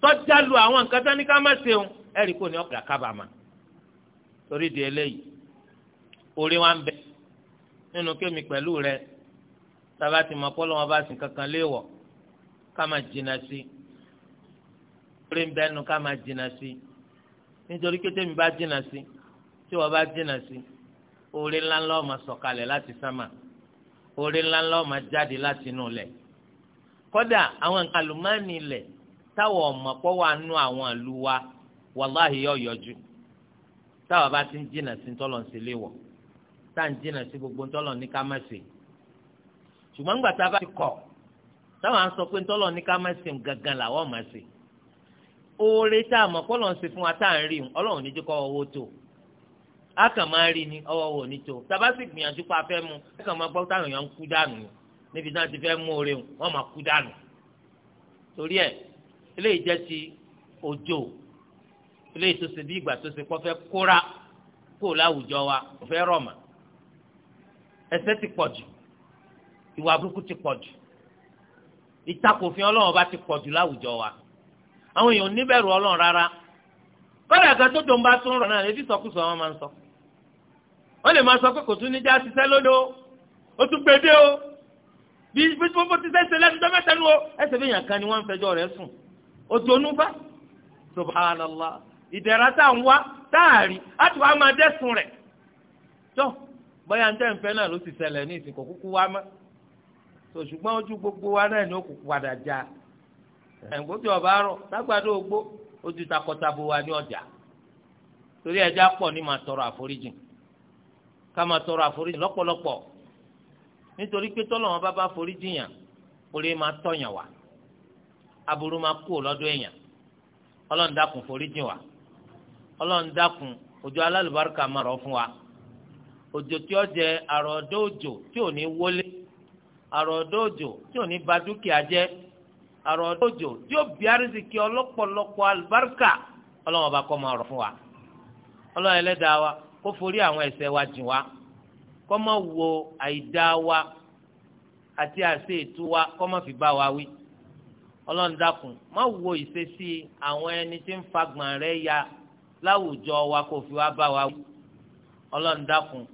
tọ́já lu àwọn nǹkan tó ní ká má ṣe o ẹ̀rí kò ní ọ̀padà kábàámà torí di eléyìí orí wa ń bẹ nínú kémi pẹ̀lú rẹ sábà ti mọ pọ́lọ́ wọn bá sìn kankan léèwọ̀ ká má jìnnà sí orí ń bẹ́nu ká má jìnnà sí nítorí pé tẹ́mi bá jìnnà sí tí wọ́n bá jìnnà sí oore ńlá ńlá ọmọ sọ̀kalẹ̀ láti sámà oore ńlá ńlá ọmọ jáde láti inú lẹ̀ kódà àwọn nǹkan àlùmọ́ọ́nì táwọn ọmọ pọ̀ wà nú àwọn ìlú wa wàláhì yọ yọjú táwọn bá ti ń jìnnà sí tọ́lọ̀ ń ṣe léwọ̀ tá à ń jìnnà sí gbogbo tọ́lọ̀ ní ká má ṣe ṣùgbọ́n ńgbà tá a bá ti kọ̀ táwọn à sọ pé tọ́lọ̀ ní ká má ṣe gangan làwọn má ṣe oore tá a mọ̀ kọ́lọ̀ ń ṣe fún wa tá à ń rí ọlọ́run ní jẹ́ kọ́ owó tó a kàn máa rí ni ọwọ́ wò ní tó tàbá sì gbìyànjú pa fẹ́ mu a kàn máa gbọ́ táwọn èèyàn ń kú dànù níbi tí wọ́n ti fẹ́ mú oore wọn máa kú dànù torí ẹ̀ eléyìí jẹ́ ti òjò eléyìí tó ṣe bí ìgbà tó ṣe kọ́ fẹ́ kóra kó láwùjọ wa kò fẹ́ rọ̀ mà ẹ̀ṣẹ̀ ti pọ̀ jù ìwà burúkú ti pọ̀ jù ìtakòfin ọlọ́run ọba ti pọ̀ jù láwùjọ wa àwọn èèyàn níbẹ̀rù ọlọ́run rárá kọ́dà kan tó dòun bá tún rọ̀ náà lè fi sọkúsọ wọn máa ń sọ wọ́n lè máa sọ pé kò tún níjà ṣiṣẹ́ lódò ó tún gbèdé o bí bó ti sẹ́sẹ́ lẹ́nu tó mẹ́tẹ́nu o ẹsẹ̀ bí èèyàn kan ni wọ́n ń fẹjọ́ rẹ̀ sùn ó tonú bá subhanallah ìdẹ̀ra tá à ń wá táàrí á ti wá máa dẹ́sùn rẹ̀ tó bóyá njẹ́ nfẹ́ náà ló ti ṣẹlẹ̀ ní ìsìnkú kúkú wá mọ́ tó ojú gbogbo wa náà ni ó kúkú padà já ẹ̀ǹgbọ́dọ̀ ọba rọ̀ lágbàdo ògbó ojú takọtabo wa ní ọjà torí ẹja pọ̀ ní máa tọrọ àforíjì ká máa tọrọ àforíjì lọ́pọ̀lọpọ̀ nítorí pé tọ́lọ́wọ́n bá bá foríjì yàn orí máa tọ̀yàn wá aburú máa kú èèyàn wá ojú alálùbáríkà máa rọ̀ fún wa òjò àrọ̀ òjò tí ó bí arísìkí ọlọ́pọ̀lọpọ̀ àlùbáríkà ọlọ́wọ́n bá kọ́ máa rọ̀ fún wa ọlọ́wọ́n ẹlẹ́dàá wa kó forí àwọn ẹ̀ṣẹ̀ wa jìn wa kó má wo àìdá wa àti àṣe ètò wa kó má fi bá wa wí ọlọ́run dákun má wo ìṣesí àwọn ẹni tí ń fagbọ̀n rẹ̀ ya láwùjọ wa kó fi wá bá wa wí ọlọ́run dákun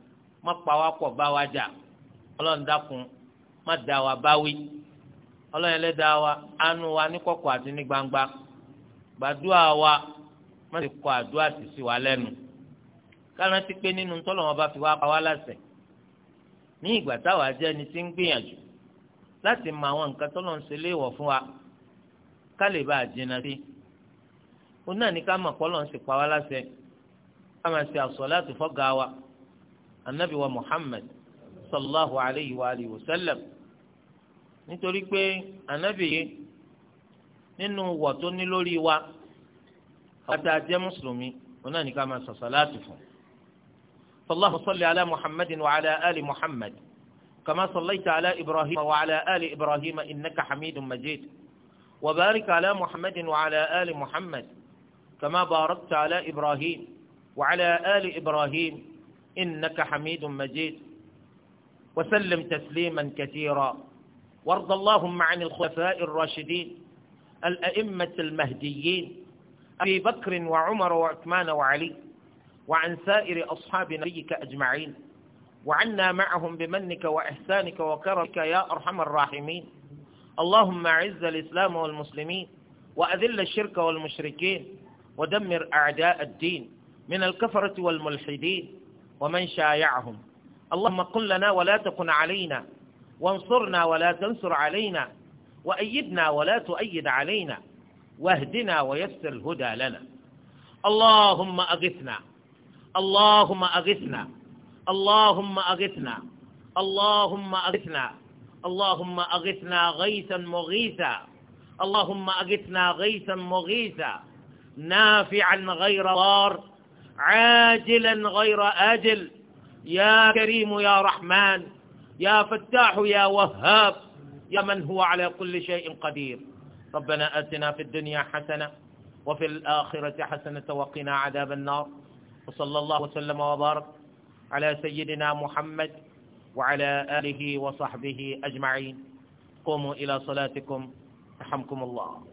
má pa wá pọ̀ bá wa jà ọlọ́run dákun má dá wa bá wí ọlọ́run ẹlẹ́dàá wa anu wa ní kọ̀kọ̀ àti ní gbangba gbàdúrà wa má sì kọ àdúrà sì sí wa lẹ́nu kárántí pé nínú tọ́lọ́wọ́n bá fi wá pa wá láṣẹ ní ìgbà táwa jẹ́ ẹni tí ń gbìyànjú láti mọ àwọn nǹkan tọ́lọ́ ń ṣe léèwọ̀ fún wa ká lè bá a jìnnà sí i náà ní ká mọ̀ pọ́lọ́ ń sì pa wá láṣẹ ká máa ṣe àsọ̀látù fọ́gá wa anabi wa Muhammad sallallahu alayhi wa wa sallam. nítorí pé ànábì yìí nínú wọ̀ tó ní lórí wa àti àjẹ́ mùsùlùmí wọn náà ní ká máa sọ̀sọ̀ láti fún. sallallahu salli ala muhammadin wa ala ali muhammad kama sallaita ala ibrahim wa ala ali ibrahim innaka hamidun majid wa barik ala muhammadin wa ala ali muhammad kama barakta ala ibrahim wa ala ali ibrahim innaka hamidun majid wa sallim tasliman katira. وارض اللهم عن الخلفاء الراشدين الأئمة المهديين أبي بكر وعمر وعثمان وعلي وعن سائر أصحاب نبيك أجمعين وعنا معهم بمنك وإحسانك وكرمك يا أرحم الراحمين اللهم أعز الإسلام والمسلمين وأذل الشرك والمشركين ودمر أعداء الدين من الكفرة والملحدين ومن شايعهم اللهم قل لنا ولا تكن علينا وانصرنا ولا تنصر علينا وأيدنا ولا تؤيد علينا واهدنا ويسر الهدى لنا اللهم أغثنا اللهم أغثنا اللهم أغثنا اللهم أغثنا اللهم أغثنا غيثا مغيثا اللهم أغثنا غيثا مغيثا نافعا غير ضار عاجلا غير آجل يا كريم يا رحمن يا فتاح يا وهاب يا من هو على كل شيء قدير ربنا آتنا في الدنيا حسنة وفي الآخرة حسنة وقنا عذاب النار وصلى الله وسلم وبارك على سيدنا محمد وعلى آله وصحبه أجمعين قوموا إلى صلاتكم رحمكم الله